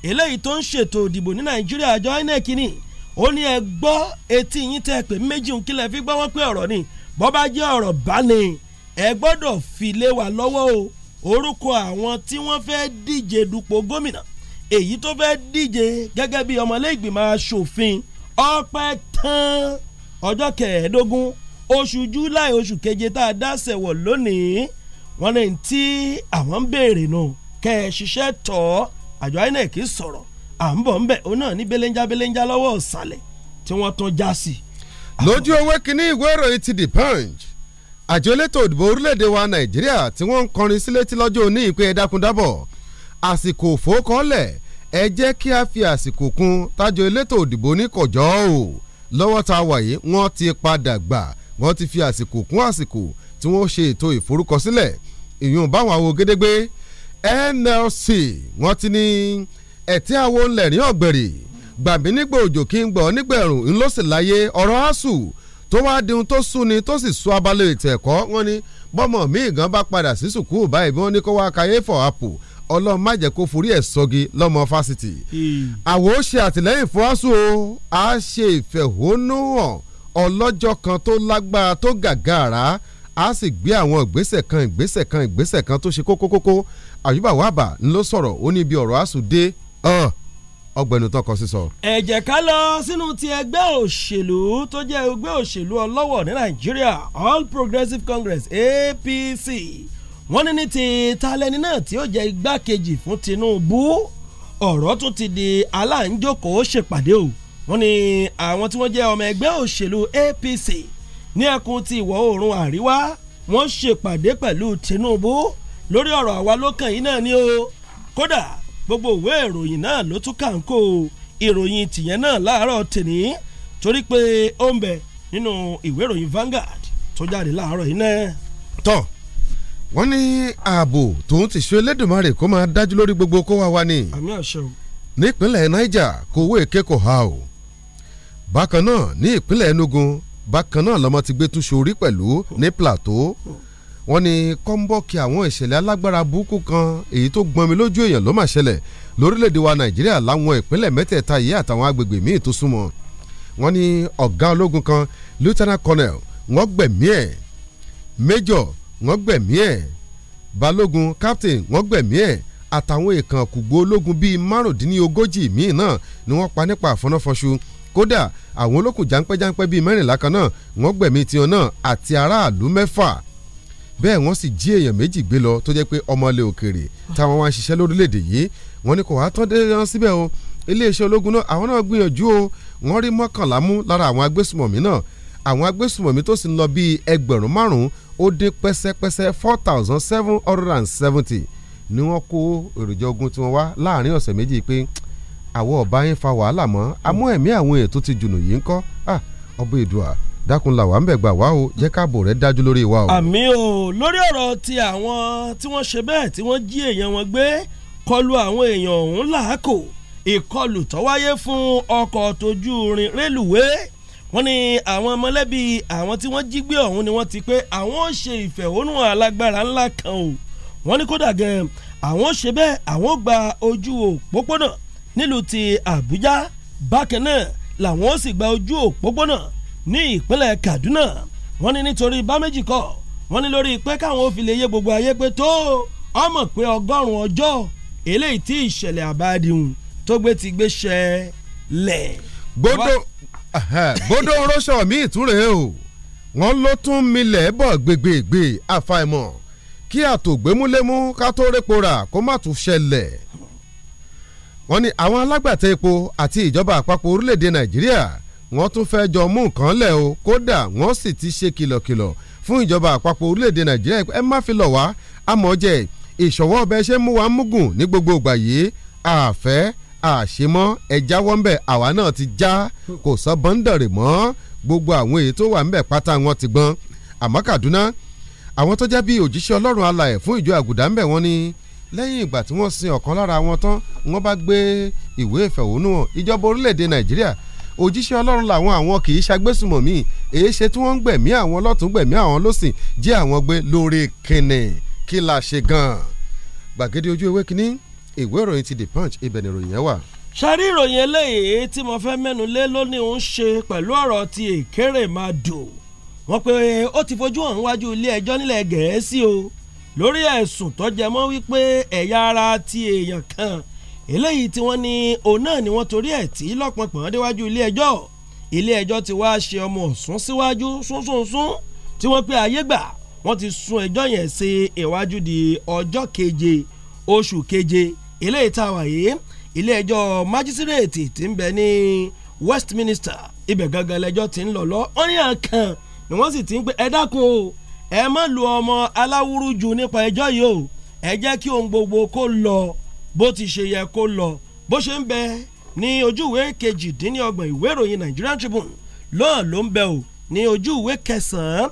eléyìí tó ń ṣètò ìdìbò ní nàìjíríà àjọ inec ni ó ní ẹ gbọ́ etí yín tẹ́ pé méjì ń kílẹ̀ fi gbọ́ wọ́n pé ọ̀rọ̀ ni bọ́ bá jẹ́ ọ̀rọ̀ bá ní ẹ gbọ́dọ̀ fi lé wa lọ́wọ́ o orúkọ àwọn tí wọ́n fẹ́ díje dupò gómìnà èyí tó fẹ́ díje gẹ́gẹ́ bí ọmọlẹ́gbìmọ̀ aṣòfin ọpẹ́ tán ọjọ́ kẹẹ̀ẹ́dógún oṣù july oṣù keje tá a dá sẹ̀wọ̀ lónìí wọ́n ní tí àwọn ń béèrè nù kẹ́ ẹ ṣiṣẹ́ tọ́ àjọ INEC sọ̀rọ̀ à ń bọ̀ ń bẹ̀ òun náà ní belenja belenja lọ́wọ́ ọ̀sàlẹ̀ tí wọ́n tún já sí. lójú ewé kínní ìwé ìròyìn ti The Punch àjọ elétò òdìbò orílẹ̀-èdè wa Nàìjíríà tí wọ́n ń kọrin sílé tí lọ́jọ́ òní ìpè ẹ̀dákúndábọ̀ àsìkò òfòókọ́lẹ̀ ẹ jẹ́ kí a fi àsìkò kún tájọ elétò òdìbò ní kọ̀jọ́ o lọ́wọ́ tá a wà yìí wọ́n ti padà gbà wọ́n ti fi àsìkò kún àsìkò tí wọ́n ṣe ètò ìforúkọsílẹ̀ ìyún báwọn awo gédégbé NLC wọ́n ti ní ẹ̀tí àwọn olẹ̀rín ọ̀gbẹ̀rì gbàmí nígbà òjò kí n gbọ́ nígbẹ̀rún ńlọ́sìláyé ọ̀rọ̀ asuu tó wá di ohun tó sún ni tó sì sún abalẹ̀ ètò ẹ̀kọ́ wọn ni bọ́mọ̀ míì gan bá padà sí sùkúù báyìí bí wọ́n ní kó wá kayé fọ̀ àpò ọlọ́run má jẹ́ kó forí ẹ̀ sọ́gi lọ́mọ fásitì. Hmm. àwo ṣe àtìlẹ́yìn fún ASUU o a ṣe ìfẹ̀hónúhàn ọlọ́jọ́ kan tó lágbára tó gàgàrà a sì gbé àwọn ìgbésẹ̀ kan ìgbésẹ̀ kan ìgbésẹ̀ kan tó ṣe kókókókó àyùbá wàbà ló sọ̀rọ̀ ó ní ibi ọ̀rọ̀ àsùdé ọgbẹ́ni tọkọ sísọ. ẹ ká lọ sínú ti ẹgbẹ́ òṣèlú tó jẹ́ ẹgbẹ́ òṣèlú ọlọ́wọ̀ ní nàìjíríà All Progressives Congress APC wọ́n ní ní ti talẹ́ni náà tí ó jẹ́ igbákejì fún Tinubu ọ̀rọ̀ tún ti di aláǹjókòó ṣèpàdé o wọ́n ní àwọn tí wọ́n jẹ́ ọmọ ẹgbẹ́ òṣèlú APC ní ẹkùn ti ìwọ̀ oòrùn àríwá wọ́n ṣèpàdé pẹ̀lú Tinubu lórí ọ̀rọ̀ àwa lókàn yìí náà ni o kódà gbogbo ìwé ìròyìn náà ló tún kà ń kó ìròyìn tìyẹn náà láàárọ̀ tèní torí pé ó ń bẹ nínú ìwé ìròyìn Vanguard tó jáde láàárọ̀ yìí náà. tọ́ wọ́n ní ààbò tòun ti ṣe Elédùmarè kó máa dájú lórí gbogbo kó wá wa ni. àmì àṣẹ o. nípínlẹ̀ Niger kò owó èké kò o. bákan náà ní ìpínlẹ̀ Enugu bákan náà lọ́mọ ti gbé túnṣe orí pẹ̀lú ní plateau wọ́n ní kọ́ńbọ́ọ̀kì àwọn ìṣẹ̀lẹ̀ alágbára burúkú kan èyí tó gbọ́n mi lójú èèyàn ló mà ṣẹlẹ̀ lórílẹ̀‐èdè wa nàìjíríà láwọn ìpínlẹ̀ mẹ́tẹ̀ẹ̀ta yìí àtàwọn agbègbè míì tó súnmọ́ wọ́n ní ọ̀gá ológun kan lieutenant colonel wọ́n gbẹ̀mí ẹ̀ major wọ́n gbẹ̀mí ẹ̀ balógun captain wọ́n gbẹ̀mí ẹ̀ àtàwọn èèkàn kùgbó ológun bíi márùndínlógójì míì náà ni wọ́n pa nípa àfọ́náfọ́nṣu kódà àwọn olókù jáńpẹ́jáńpẹ́ bíi mẹ́rìnlá kan náà wọ́n gbẹ̀mí tiwọn náà àti aráàlú mẹ́fà bẹ́ẹ̀ wọ́n sì jí èèyàn méjì gbé lọ tó jẹ́ pé ọmọlẹ̀ òkèrè táwọn wá ń ṣiṣẹ́ lórílẹ̀‐èdè yìí wọ́n ní kò wá tán dé wọn síbẹ̀ o iléeṣẹ́ ológun náà àwọn náà gbìyànjú o wọ́n rí mọ́kànlá mú lára àwọn agbésùmọ̀mí náà àwọn agbésùmọ̀mí tó sì ń lọ bíi ẹgbẹ̀rún márùn-ún ó dín pẹ́sẹ́pẹ́sẹ́ four thousand seven hundred and seventy ni wọ́n kó èròjà ogun tiwọn wá láàrin ọ̀sẹ̀ méjì pé àwọn ọba yín fa wàhálà mọ́ àmọ́ ẹ̀mí àwọn ètò ti jùnú yìí ń kọ́ ọba èdùà dákun là wà ń bẹ̀ gbà wá o jẹ́ káàbò rẹ̀ dájú lórí wa o. àmì o lórí ọ̀rọ̀ ti àwọn tí wọ́n ṣe bẹ́ẹ̀ tí wọ́n jí èèyàn wọn gbé kọlu àwọn èèyàn ọ̀hún làákò ìkọlù tó wáyé fún ọkọ̀ tójú rin rélùwéè wọ́n ní àwọn mọ̀lẹ́bí àwọn tí wọ́n jí gbé ọ̀hún ni wọ́n ti pé àwọn ò ṣe ìfẹ̀hónúhàn alágbára ńlá kan o wọ́n ní kódà gan àwọn ò ṣe bẹ́ẹ̀ àwọn ò gba ojú òpópónà nílùú ti Àbújá bákan náà làwọn ó sì gba ojú òpópónà ní ìpínlẹ̀ Kaduna wọ́n ní nítorí bá méjì kọ́ wọ́n ní lórí pé káwọn ó fi lè yé gbogbo ayé pé tó ọmọ pé ọgọ́rùn-ún ọjọ́ eléyìí tí ìṣẹ̀lẹ̀ àbádìhùn tó gbé ti gbé ṣẹlẹ̀. gbódò gbódò rọṣọ mi ìtúre o wọ́n ló tún milẹ̀ bọ̀ gbègbègbè àfàìmọ̀ kí àtògbémúlémú ká tó répo kó má tún ṣẹlẹ̀ wọ́n ní àwọn alágbàtà epo àti ìjọba àpapọ̀ orílẹ̀‐èdè nàìjíríà wọ́n tún fẹ́ jọ mú nǹkan lẹ̀ o kódà wọ́n sì ti ṣe kìlọ̀kìlọ̀ fún ìjọba àpapọ̀ orílẹ̀‐èdè nàìjíríà ẹ má fi lọ̀ wá amọ̀jẹ̀ ìṣọwọ́ ọbẹ̀ ṣe mú wa múgùn ní gbogbo ìgbà yìí àfẹ́ àṣemọ́ ẹja wọ́nbẹ̀ àwa náà ti já kò sọ bọ́ńdọ̀rì mọ́ gbogbo àwọn èyí tó wà ńbẹ̀ pátá wọn ti gbọ́n àmọ́ Kaduna àwọn tó jẹ́ bí òjíṣẹ́ ọlọ́run alàyè fún ìjọ àgùdà ńbẹ̀ wọ́n ní lẹ́yìn ìgbà tí wọ́n sin ọ̀kan lára wọn tán wọ́n bá gbé ìwé ìfẹ̀hónú hàn ìjọba orílẹ̀-èdè nàìjíríà òjíṣẹ́ ọlọ́run làwọn àwọn kì í ṣagbésùmọ̀mí èyí ṣe tí wọ́n ń gbẹ̀mí àwọn lọ́tún gbẹ̀mí àwọn lọ́sìn jẹ́ àwọn gbé lórí kìnnì kí la ṣe gan-an gbàgede ojú ewé kínní ìwé ìròyìn ti the punch ibẹ̀ ni ìròyìn yẹn wà. sáré ìròyìn eléyìí tí mo fẹ́ mẹ́nu lé lónìí ń ṣe pẹ̀lú ọ̀rọ̀ ti èkéré máa dùn wọ́n pé ó ti fojú hàn wájú ilé ẹjọ́ nílẹ̀ gẹ̀ẹ́sì o lórí ẹ̀sùn tó jẹ mọ́ wípé ẹ̀yà ara ti èèyàn kan eléyìí tí wọ́n ní òun náà ni wọ́n torí ẹ̀ tí lọ́pọ̀npọ̀n déwájú ilé ẹjọ́ ilé ẹjọ́ ti wá ṣe ọmọ ọ̀sùn síwájú súnsúnsún tí wọ́n pe ayé gbà wọ́n ti sún ẹjọ́ yẹn sí iwájú di ọjọ́ keje oṣù keje eléyìí tá a wà yìí ilé ẹjọ́ májísírèètì tí ń bẹ ní Westminster ibẹ̀ gangan lẹ́jọ́ ti ń lọ lọ ọ́nìyàn kan ni wọ́n sì ti ń pe ẹ dákun o ẹ má lu ọmọ aláwúrú jù nípa ẹjọ́ yìí o ẹ jẹ́ kí ohun gbogbo kó lọ bó ti ṣe yẹ kó lọ bó ṣe ń bẹ ní ojú ìwé kejìdínlọ́gbọ̀n ìwé ìròyìn Nigerian Tribune lọ́ọ̀ ló ń bẹ o ní ojú ìwé kẹsàn-án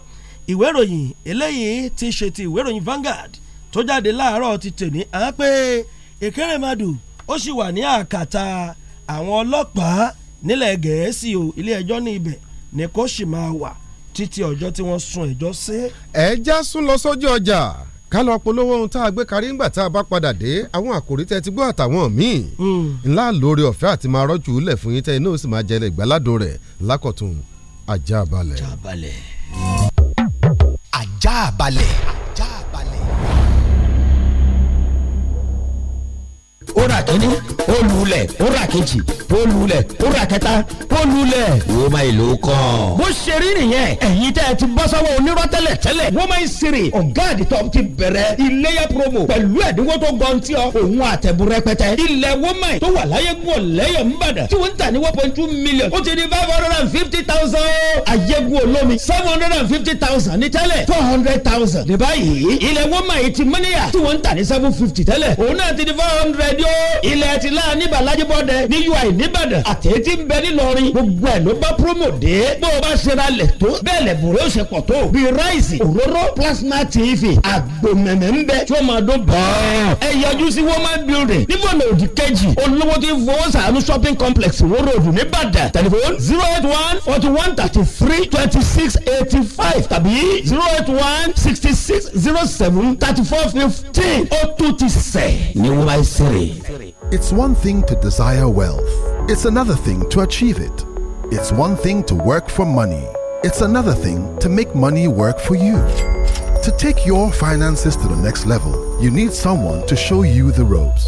ìwé ìròyìn eléyìí ti ṣe ti ìwé ìròyìn Vanguard tó jáde láàárọ̀ ti tèmi à ń pé Ìkérèmàdù ó sì wà ní àkàtà àwọn ọlọ́pàá nílẹ̀ Gẹ̀ẹ́sì o ilé ẹjọ́ ní ibẹ̀ ni kò sì máa wà títí ọjọ́ tí wọ́n sun ẹjọ́ sí. ẹ já sún lọ sójú ọjà ká lọ polówó ohun tá a gbé kárí ńgbà tá a bá padà dé àwọn àkòrí tẹ́ ti gbọ́ àtàwọn míì hmm. ńlá lórí ọ̀fẹ́ àti máa rọ́jú ulẹ̀ fún yín tẹ́ inú sì máa jẹlẹ̀ ìgbàládùn rẹ̀ lákọ̀tún ajá balẹ̀. ajá balẹ̀. ajá balẹ̀. ajá balẹ̀. ó rà kíní ó lulẹ̀ ó rà kejì ó lulẹ̀ ó rà kẹta ó lulẹ̀. wọ́n máa ìlú kàn. bó ṣe rí nìyẹn ẹ̀yin tẹ́ ẹ ti bọ́ sọ́wọ́ onírọ́ tẹ́lẹ̀ tẹ́lẹ̀ wọ́n máa ń sèrè ti bẹ̀rẹ̀ iléyà promo pẹ̀lú ẹ̀dínwó tó gan tí ọ òun àtẹ̀bù rẹpẹtẹ. ilẹ̀ wọ́n máa tó wà láyé gbọ́ lẹ́yọ̀ ńbàdàn tí wọ́n ń tà ní one point two million ó ti di five hundred and fifty thousand ayégun olómi seven hundred and fifty thousand ní tẹ́lẹ̀ four hundred thousand ní báyìí ilẹ̀ wọ́n máa ti mọ́níyà jó ilẹ̀ ti la ní balajibọ́dẹ ní UI nìbàdàn àtẹ̀tí ń bẹ nílọrin gbogbo ẹ̀ ló bá promo dé bó o bá ṣera lẹ̀ tó bẹ́ẹ̀ lẹ̀ bùrẹ́ òṣè pọ̀ tó bí ráìsì òróró plasma tv àgbòmẹ̀mẹ̀ ń bẹ tí ó máa dún bọ́ọ̀ ẹ yọjú sí woman building níbo ni òdì kejì olówó ti fowó sàánú shopping complex wo road nìbàdàn tẹlifon zero eight one forty one thirty three twenty six eighty five tàbí zero eight one sixty six zero seven thirty four fifteen ó tún ti sẹ̀ ní wáyé sẹ́rẹ̀. It's one thing to desire wealth. It's another thing to achieve it. It's one thing to work for money. It's another thing to make money work for you. To take your finances to the next level, you need someone to show you the ropes.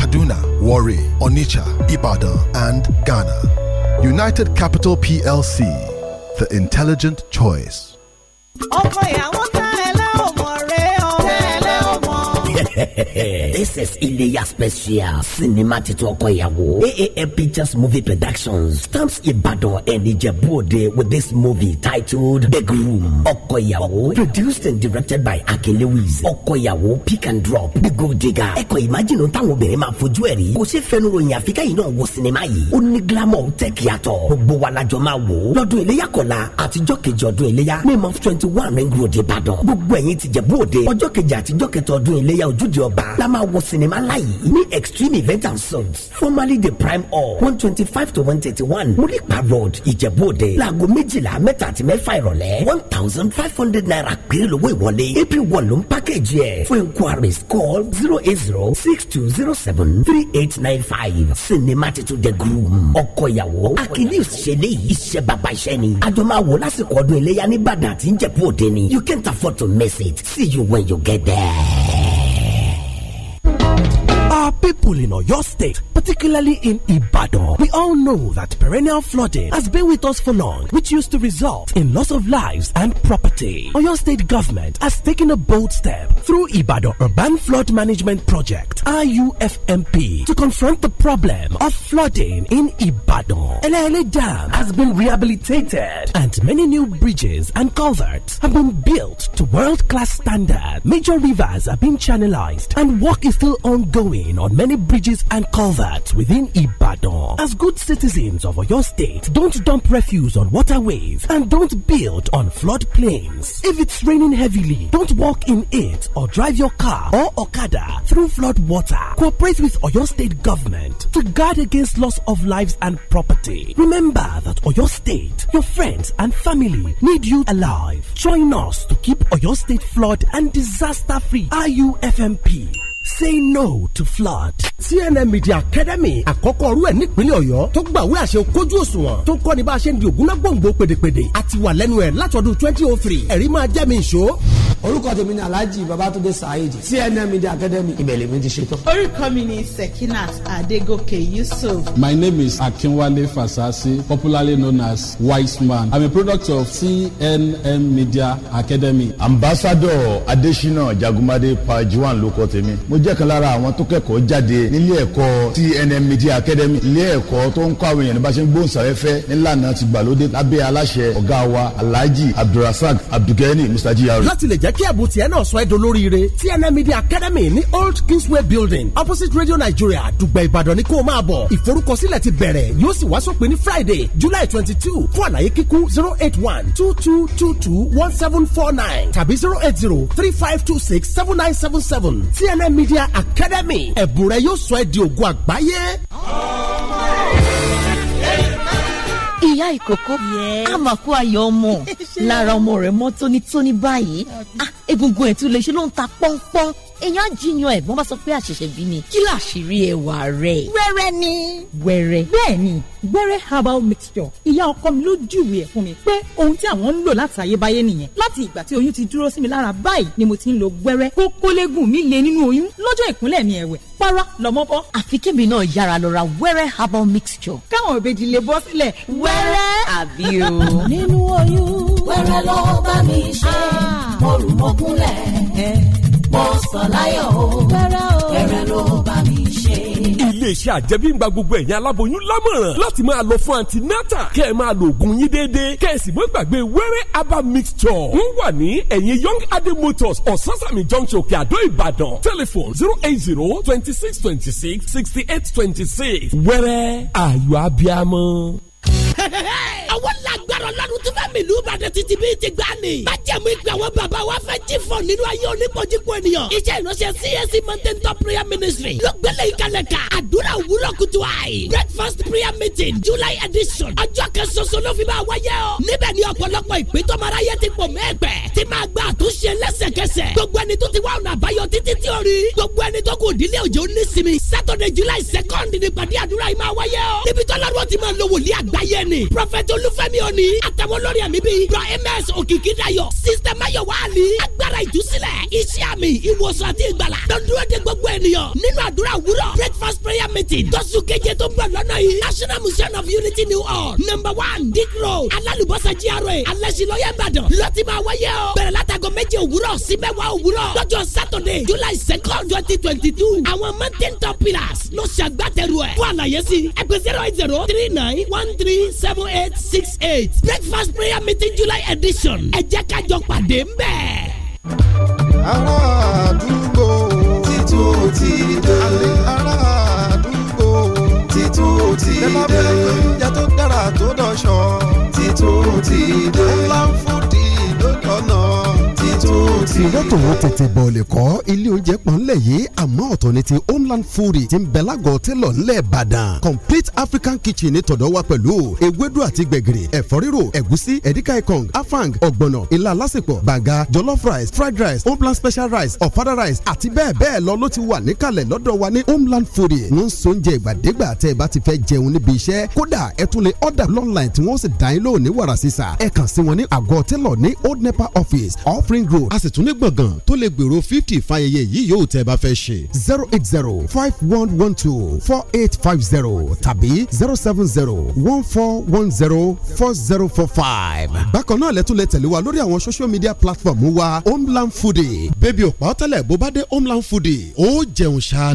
Kaduna, Warri, Onitsha, Ibadan, and Ghana. United Capital PLC, the intelligent choice. this is Iléyá special sinima titun ọkọ AAM Pictures movie productions stamps Ibadan and Ijebu-Ode with this movie titled The Groom ọkọ produced and directed by Ake Lewis ọkọ ìyàwó pick and drop The Gold Digger ẹ̀kọ́ ìmájìnnú táwọn obìnrin máa fojú ẹ̀ rí kò ṣe fẹnu ròyìn àfikẹ́ yìí náà wo sinima yìí ó ní glamour tẹ̀kì yàtọ̀ gbogbo wa lajọ máa wò ó lọ́dún Iléyá kọ̀la àtijọ́ kejì ọdún Iléyá ní month twenty one ring road Ìbàdàn gbogbo ẹ̀yin tìjẹ̀bú-Òde ọjọ́ kejì àtijọ́ kẹtọ̀ ọdún Iléyá ojú olójú ọba la máa wọ sinimá láyé ní extreme event and subs formerly the prime hall one twenty five to one thirty one mulipa road ìjẹ̀bú-òde láago méjìlá mẹ́ta àti mẹ́fà ìrọ̀lẹ́ one thousand five hundred naira péré lówó ìwọlé april one ló ń package yẹ fún inquiries call zero eight zero six two zero seven three eight nine five sinimá titun the groom ọkọ ìyàwó akilius ṣẹlẹ̀ yìí iṣẹ́ bàbá iṣẹ́ ni àjọ máa wò lásìkò ọdún iléyà ní ìbàdàn àti ìjẹ̀bú-òde ni you can't afford to miss it see you when you get there. our people in Oyo State, particularly in Ibadan. We all know that perennial flooding has been with us for long, which used to result in loss of lives and property. Oyo State government has taken a bold step through Ibadan Urban Flood Management Project (IUFMP) to confront the problem of flooding in Ibadan. Elele Dam has been rehabilitated, and many new bridges and culverts have been built to world-class standard. Major rivers have been channelized, and work is still ongoing on many bridges and culverts within Ibadan. As good citizens of your state, don't dump refuse on waterways and don't build on floodplains. If it's raining heavily, don't walk in it or drive your car or Okada through flood water. Cooperate with Oyo State government to guard against loss of lives and property. Remember that Oyo State, your friends and family need you alive. Join us to keep Oyo State flood and disaster free. IUFMP. say no to flood. CNN Media Academy àkọ́kọ́ ọ̀rú ẹ̀ nípínlẹ̀ Ọ̀yọ́ tó gbàwé àṣẹ kójú òṣùwọ̀n tó kọ́ ni bá a ṣe ń di ògúnná gbòǹgbò pèdèpèdè àti wà lẹ́nu ẹ̀ látọdún twenty oh three ẹ̀rí máa jẹ́ mi ìṣó. orúkọ tèmi ni Alhaji Babatunde Saheed CNN Media Academy ibẹ̀ lèmi ti ṣètò. orúkọ mi ni Sekinat Adegoke Yusuf. My name is Akinwale Fasasi popularly known as Wise Man I'm a product of CNN Media Academy. Ambassador Adesina Jagunmade Pajuwan ló tèmi mo jẹ́ kan lára àwọn tó kẹ́kọ̀ọ́ jáde nílé ẹ̀kọ́ TNM Media Academy ilé ẹ̀kọ́ tó ń kọ́ àwọn èèyàn ní bá ṣe ń gbóhùnsáfẹ́fẹ́ nílànà ti gbàlódé lábẹ́ aláṣẹ ọ̀gá wa Alhaji Abdulrasaq Abdulgani Mr. Jiyari. láti lè jẹ́ kí ẹ̀bùn tiẹ̀ náà sọ ẹ́ dolóríire TNM Media Academy ní Old Kingsway Building opposite Radio Nigeria Dùgbẹ̀ Ìbàdàn ni kó o máa bọ̀ ìforúkọsílẹ̀ ti bẹ̀rẹ̀ yóò sì wá sópin ní Friday July twenty two fún àlàyé kíkún zero eight one two two two two one seven four nine tàbí zero eight zero three five two six seven nine seven seven TNM media academy ẹ̀bùn rẹ yóò sọ ẹ́ di ògo àgbáyé. ìyá ìkókó àmàkù ayọ̀ ọmọ lára ọmọ rẹ̀ mọ́ tónítóní báyìí ah, egungun ẹ̀ tún lè ṣe ló ń ta pọ́npọ́n èèyàn jiyàn ẹ̀gbọ́n bá sọ pé àṣẹ̀ṣẹ̀ bí ni kí làṣírí ẹwà rẹ̀. wẹ́rẹ́ ni. wẹ́rẹ́. bẹ́ẹ̀ni wẹ́rẹ́ herbal mixture ìyá ọkọ mi ló júwe ẹ̀ fún mi pé ohun tí àwọn ń lò láti ayébáyé nìyẹn láti ìgbà tí oyún ti dúró sí mi lára báyìí ni mo ti ń lo wẹ́rẹ́ kókólégùn mi lè nínú oyún lọ́jọ́ ìkúnlẹ̀ mi ẹ̀wẹ̀ para lọ́mọ bọ́. àfi kébì náà yára lọ ra wẹ́rẹ́ herbal mixture. káwọn òbejì lè bọ́ sílẹ̀ wẹ́rẹ́. àbí o. nínú oyún wẹ́rẹ́ ló bá mi ṣe ah. mo rù mọ́kúnlẹ̀ Mọ́sọ̀láyọ̀ o. Rárá o. Rẹ̀rẹ̀ ló Iléeṣẹ́ àjẹmíngba gbogbo ẹ̀yin aláboyún lámọ̀ràn láti máa lọ fún antinata. Kẹ́ ẹ máa lo oògùn yín déédéé. Kẹ́ ẹ sì mọ́ gbàgbé wẹ́rẹ́ herbal mixture. Wọ́n wà ní ẹ̀yìn Young Adé Motors Ososami Junction Òkè Ìbàdàn. Tẹlifon zero eight zero twenty six twenty six sixty eight twenty six. Wẹ́rẹ́ ayọ̀ abiyamọ agbára ọlọ́run tún fẹ́ mi ìlú ìbàdàn títí bíi ti gbá ni. bájẹ̀mú ìgbà wọn bàbá wa fẹ́ jí fọ nínú ayé oníkojúkọ ènìyàn. iṣẹ́ ìránṣẹ́ CAC mountain top prayer ministry ló gbélé ìkàlẹ̀ ká àdúrà òwúrọ̀ kùtù àì. breakfast prayer meeting july edition ọjọ́ kan ṣoṣo ló fi máa wáyé o. níbẹ̀ ni ọ̀pọ̀lọpọ̀ ìpín tó mara yẹ ti pọ̀ mẹ́ẹ̀gbẹ́ tí máa gba àtúnṣe lẹ́sẹ̀kẹsẹ̀. gbogbo ẹni tó ti wá ọ̀nà àbáyọ títí tí ó rí. gbogbo ẹni tó kù dílé òjò nísìmí. saturday july second ni pàdé àdúrà yìí máa wáyé o. níbi tọ́lá àtàwọn lórí ẹ̀mí bíi dọ ms òkìkídayọ̀ sísítẹ̀ mayowa ali agbára ìtúsílẹ̀ iṣẹ́ àmì ìwòsàn àti ìgbàlà lọ́dúnrún de gbogbo ènìyàn nínú àdúrà òwúrọ̀ breakfast prayer meeting tọ́sù keje tó ń bọ̀ lọ́nà yìí national museum of unity new hall number one dick road alálùbọ́sà GRA alẹ́sìlọ́yẹ̀ ìbàdàn lọ́tí máa wáyé o bẹ̀rẹ̀ látàgọ́ méje òwúrọ̀ sí mẹ́wàá òwúrọ̀ lọ́jọ́ saturday july second twenty twenty two àwọn mountain top pillars ló ṣàgbàtẹ̀rù ẹ̀ fún àlàyé sí ẹgbẹ́ zero eight zero three nine one three seven eight six eight breakfast prayer meeting july edition ẹ jẹ́ ká jọ pàdé ń bẹ̀. àwọn àdúgbò títún ti dé. ará àdúgbò títún ti dé. ẹ máa bẹ oúnjẹ tó dára tó dọ̀ṣọ́. títún ti dé. ó láǹfọ̀dì lójọ́ náà. títún ti. bóyá tòun tètè bọ̀ lè kọ́ ilé oúnjẹ pọ̀ ńlẹ̀ yìí àmọ́ ọ̀tọ̀ ni ti homeland food ti ń bẹ lágọ̀ọ́ tẹ́lọ̀ ńlẹ̀ ìbàdàn complete african kitchen ní tọ̀dọ̀ wa pẹ̀lú ewédú àti gbẹ̀gìrì ẹ̀fọ́ ríro ẹ̀gúsí ẹ̀díkà ikong afang ọ̀gbọ̀nọ̀ ilá alásèpọ̀ bàgà jollof rice fried rice homeland special rice ọ̀fadà rice àti bẹ́ẹ̀ bẹ́ẹ̀ lọ ló ti wà níkàlẹ̀ lọ́dọ̀ wa ní homeland food wọ́n ń so oúnjẹ ìgbàdégbà tẹ́ ẹ bá ti fẹ́ jẹun níbi iṣẹ́ kódà ẹ tún lè order online tí wọ́n sì dá yín lóò ní wàrà sísà ẹ kàn sí wọn ní àgọ́ tẹ́lọ̀ ní old nepa office off ring road sì tún ní gbọ̀ngàn tó lè gbèrò fifty fáyẹyẹ yìí yóò tẹ́ ẹ bá fẹ́ ṣe. zero eight zero five one one two four eight five zero tàbí zero seven zero one four one zero four zero four five. bákan náà lẹ́tún lè tẹ̀lé wa lórí àwọn social media platform wa homeland foodie bébí òpá ọ̀tẹ́lẹ̀ bó bá dé homeland foodie ó jẹun ṣáá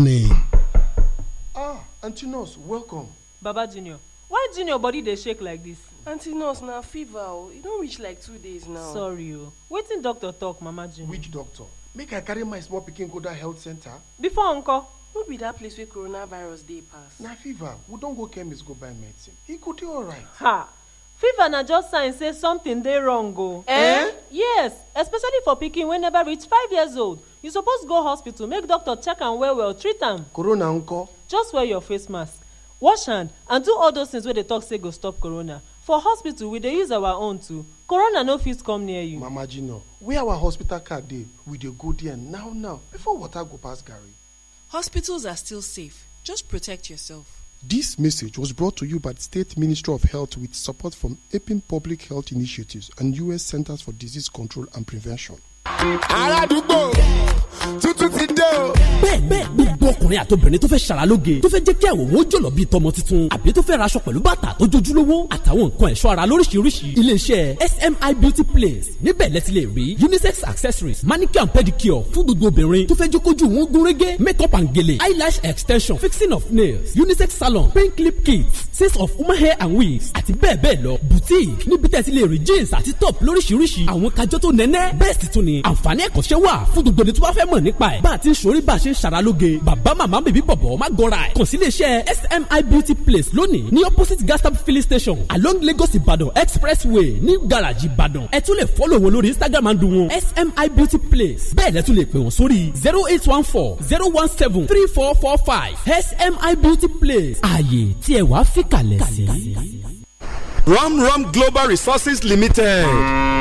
ah aunty nurse welcome. baba junior why junior body dey shake like this. Auntie nurse now fever o e don't reach like two days now sorry o till doctor talk mama jimmy which doctor make i carry my small picking go dat health center before uncle. no be that place where coronavirus day pass Now fever we don't go chemist go buy medicine He could dey alright ha fever na just sign say something dey wrong go. Eh? eh yes especially for pikin wey never reach five years old you suppose go hospital make doctor check am well well treat am corona nko. just wear your face mask wash hand and do all those things wey dey talk say go stop corona for hospital we dey use our own too corona no fit come near you. mama jino where our hospital card dey we dey go there now now before water go pass garri. hospitals are still safe just protect yourself. This message was brought to you by the State Ministry of Health with support from epin Public Health Initiatives and U.S. Centers for Disease Control and Prevention. aládùúgbò tuntun ti dé o. bẹ́ẹ̀ bẹ́ẹ̀ gbogbo ọkùnrin àti obìnrin tó fẹ́ ṣàralóge tó fẹ́ jẹ́ kí àwòrán jọ̀lọ̀ bíi tọmọ tuntun àbí tó fẹ́ raṣọ pẹ̀lú bàtà tó jojúlówó àtàwọn nǹkan ẹ̀ṣọ́ ara lóríṣiríṣi iléeṣẹ́ SMI beauty place níbẹ̀ lẹ́ti lè rí unisex accessories manicure and pedicure fún gbogbo obìnrin tó fẹ́ jókòjú wọn gún make up and gele, eyelash extension fixing of nails unisex salon pink clip kits sets of human hair and wigs àti bẹ́ẹ̀ bẹ́ẹ̀ lọ boutique níbi tẹ́tí lè jeans àti top lóríṣiríṣi àwọn kájọ́ tó nẹ́nẹ́ ni àǹfààní ẹ̀kọ́ṣẹ́ wà fún gbogbo ní tí wọ́n fẹ́ mọ̀ nípa ẹ̀ bá a ti ń sori bá a ṣe ń ṣàralóge bàbá màmá bèbí bọ̀bọ̀ má gọra ẹ̀ kàn sí iléeṣẹ́ SMI beauty place lónìí ní opposite gas tap filling station along Lagos Ibadan expressway ní garaji Ibadan ẹ tún lè fọ́lọ̀ wọn lórí Instagram àdùn wọn SMI beauty place bẹ́ẹ̀ lẹ́ tún lè pè wọ́n sórí zero eight one four zero one seven three four four five SMI beauty place ààyè tí ẹ wàá fi kalẹ̀ sí. Rom Rom Global Resources Limited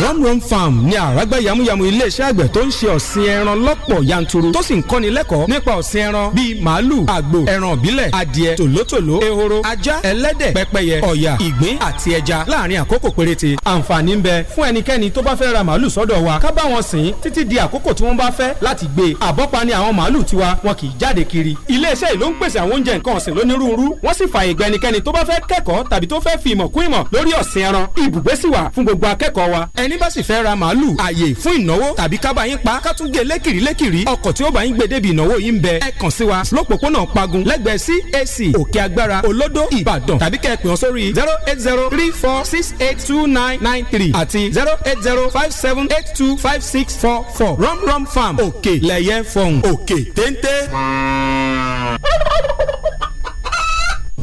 Ramrom Farm ni àràgbá yamuyamu iléeṣẹ́ àgbẹ̀ tó ń ṣe ọ̀sìn ẹran lọ́pọ̀ yanturu tó sì ń kọ́ni lẹ́kọ̀ọ́ nípa ọ̀sìn ẹran bíi màálù àgbò ẹran ìbílẹ̀ adìẹ tòlótòló ehoro ajá ẹlẹ́dẹ̀ pẹ́pẹ́yẹ ọ̀yà ìgbín àti ẹja láàrin àkókò péréte àǹfààní ń bẹ fún ẹnikẹ́ni tó bá fẹ́ ra màálù sọ́dọ̀ wa ká bá wọn sìn títí di àkókò tí wọ́n bá fẹ́ láti gbé e. àbọ́pa ni àwọn màálù tiwa wọn kì í jáde kiri iléeṣẹ́ yìí ló ń pèsè àwọn oúnjẹ nǹkan ọ̀sìn lónírúurú wọ́n sì fààyè gba ẹnikẹ́ni tó bá fẹ́ kẹ́kọ̀ọ́ tàbí tó fẹ́ fi ìmọ̀ kún ìmọ̀ lórí ọ̀sìn ẹran ibùgbé sì wà fún gbogbo akẹ́kọ̀ọ́ wa ẹni bá sì fẹ́ ra màálù àyè fún ìnáwó tàbí kábà yín pa kátún gé e lékìrí ọkọ̀ tí ó bá yín gbé débi ìnáwó yín bẹ ẹ kàn sí wa lọ́pọ̀pọ̀nà pagun lẹ́gbẹ̀ẹ́ CAC òkè agbára olódó ìbàdàn tàbí kẹ́ ẹ pè wọ́n sórí zero eight zero three four six eight two nine nine three àti zero eight zero five seven eight two five six four four rum rum farm òkè lẹ́yẹ fọ̀hún òkè téńté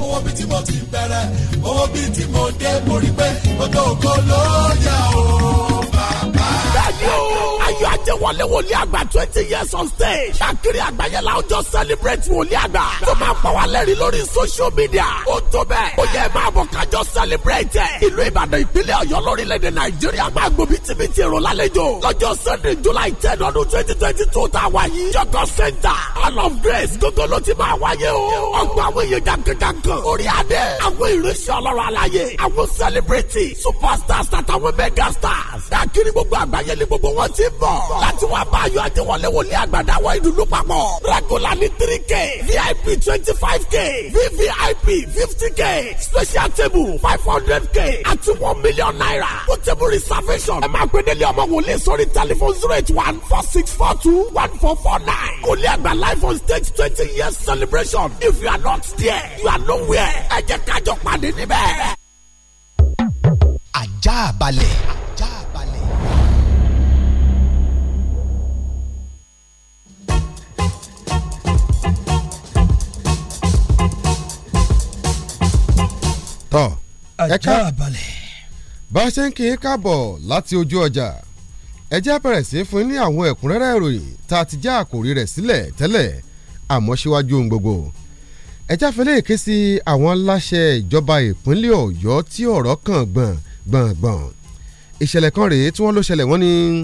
owó bíi tí mo ti bẹ̀rẹ̀ owó bíi tí mo dé mo rí pé gbogbo ògo ló yá o ajé wọlé wòlíì àgbà twenty years on stage ṣàkiri àgbáyé la ó jọ celebrate wòlíì àgbà tó máa pa wá lẹ́rìí lórí social media ó tó bẹ́ẹ̀ ó yẹ máa bọ̀ kájọ celebrate ẹ̀ ìlú Ìbàdàn ìpínlẹ̀ Ọ̀yọ́ lórílẹ̀‐èdè Nàìjíríà máa gbòbí tìbítì ìrò lálejò lọ́jọ́ Sunday July ten ọdún twenty twenty two tá a wá yìí jọkọ center all of grace gbogbo ló ti máa wáyé o ọgbà àwọn èèyàn jàǹkàǹkàǹkàn orí adé àwọn ìrẹsì ọlọ́run àlàyé àwọn celebrity superstars àtàwọn megastars dàkiri gbogbo àgbáyé ni gbogbo wọn ti bọ̀ láti wá bá ayọ̀ àjẹwọlé wòlé àgbàdo àwọn ìdùnnú papọ̀ regular ní three k vip twenty five k vvip fifty k special table five hundred k àti one million naira ó table reservation ẹ máa gbé délé ọmọ wòlé sórí telephone zero eight one four six four two one four four nine wòlé àgbà life on stage twenty years celebration if you are not there you are nowhere ẹ jẹ́ kájọ pàdé níbẹ̀. ajá balẹ̀. ajá balẹ̀. tọ́ ẹ̀ka àbálẹ̀. bá a ṣe ń kí i káàbọ̀ láti ojú ọjà ẹ jẹ́ bẹ̀rẹ̀ sí fún ní àwọn ẹ̀kúnrẹ́rẹ́ ìròyìn tá a ti já àkòrí rẹ̀ sílẹ̀ tẹ́lẹ̀ àmọ́ síwájú ohun gbogbo ẹ já fẹlẹ́ ké sí àwọn láṣẹ ìjọba ìpínlẹ̀ ọ̀yọ́ tí ọ̀rọ̀ kàn gbọ̀ngbọ̀ngbọ̀n ìṣẹ̀lẹ̀ kan rèé tí wọ́n ló ṣẹlẹ̀ wọ́n ní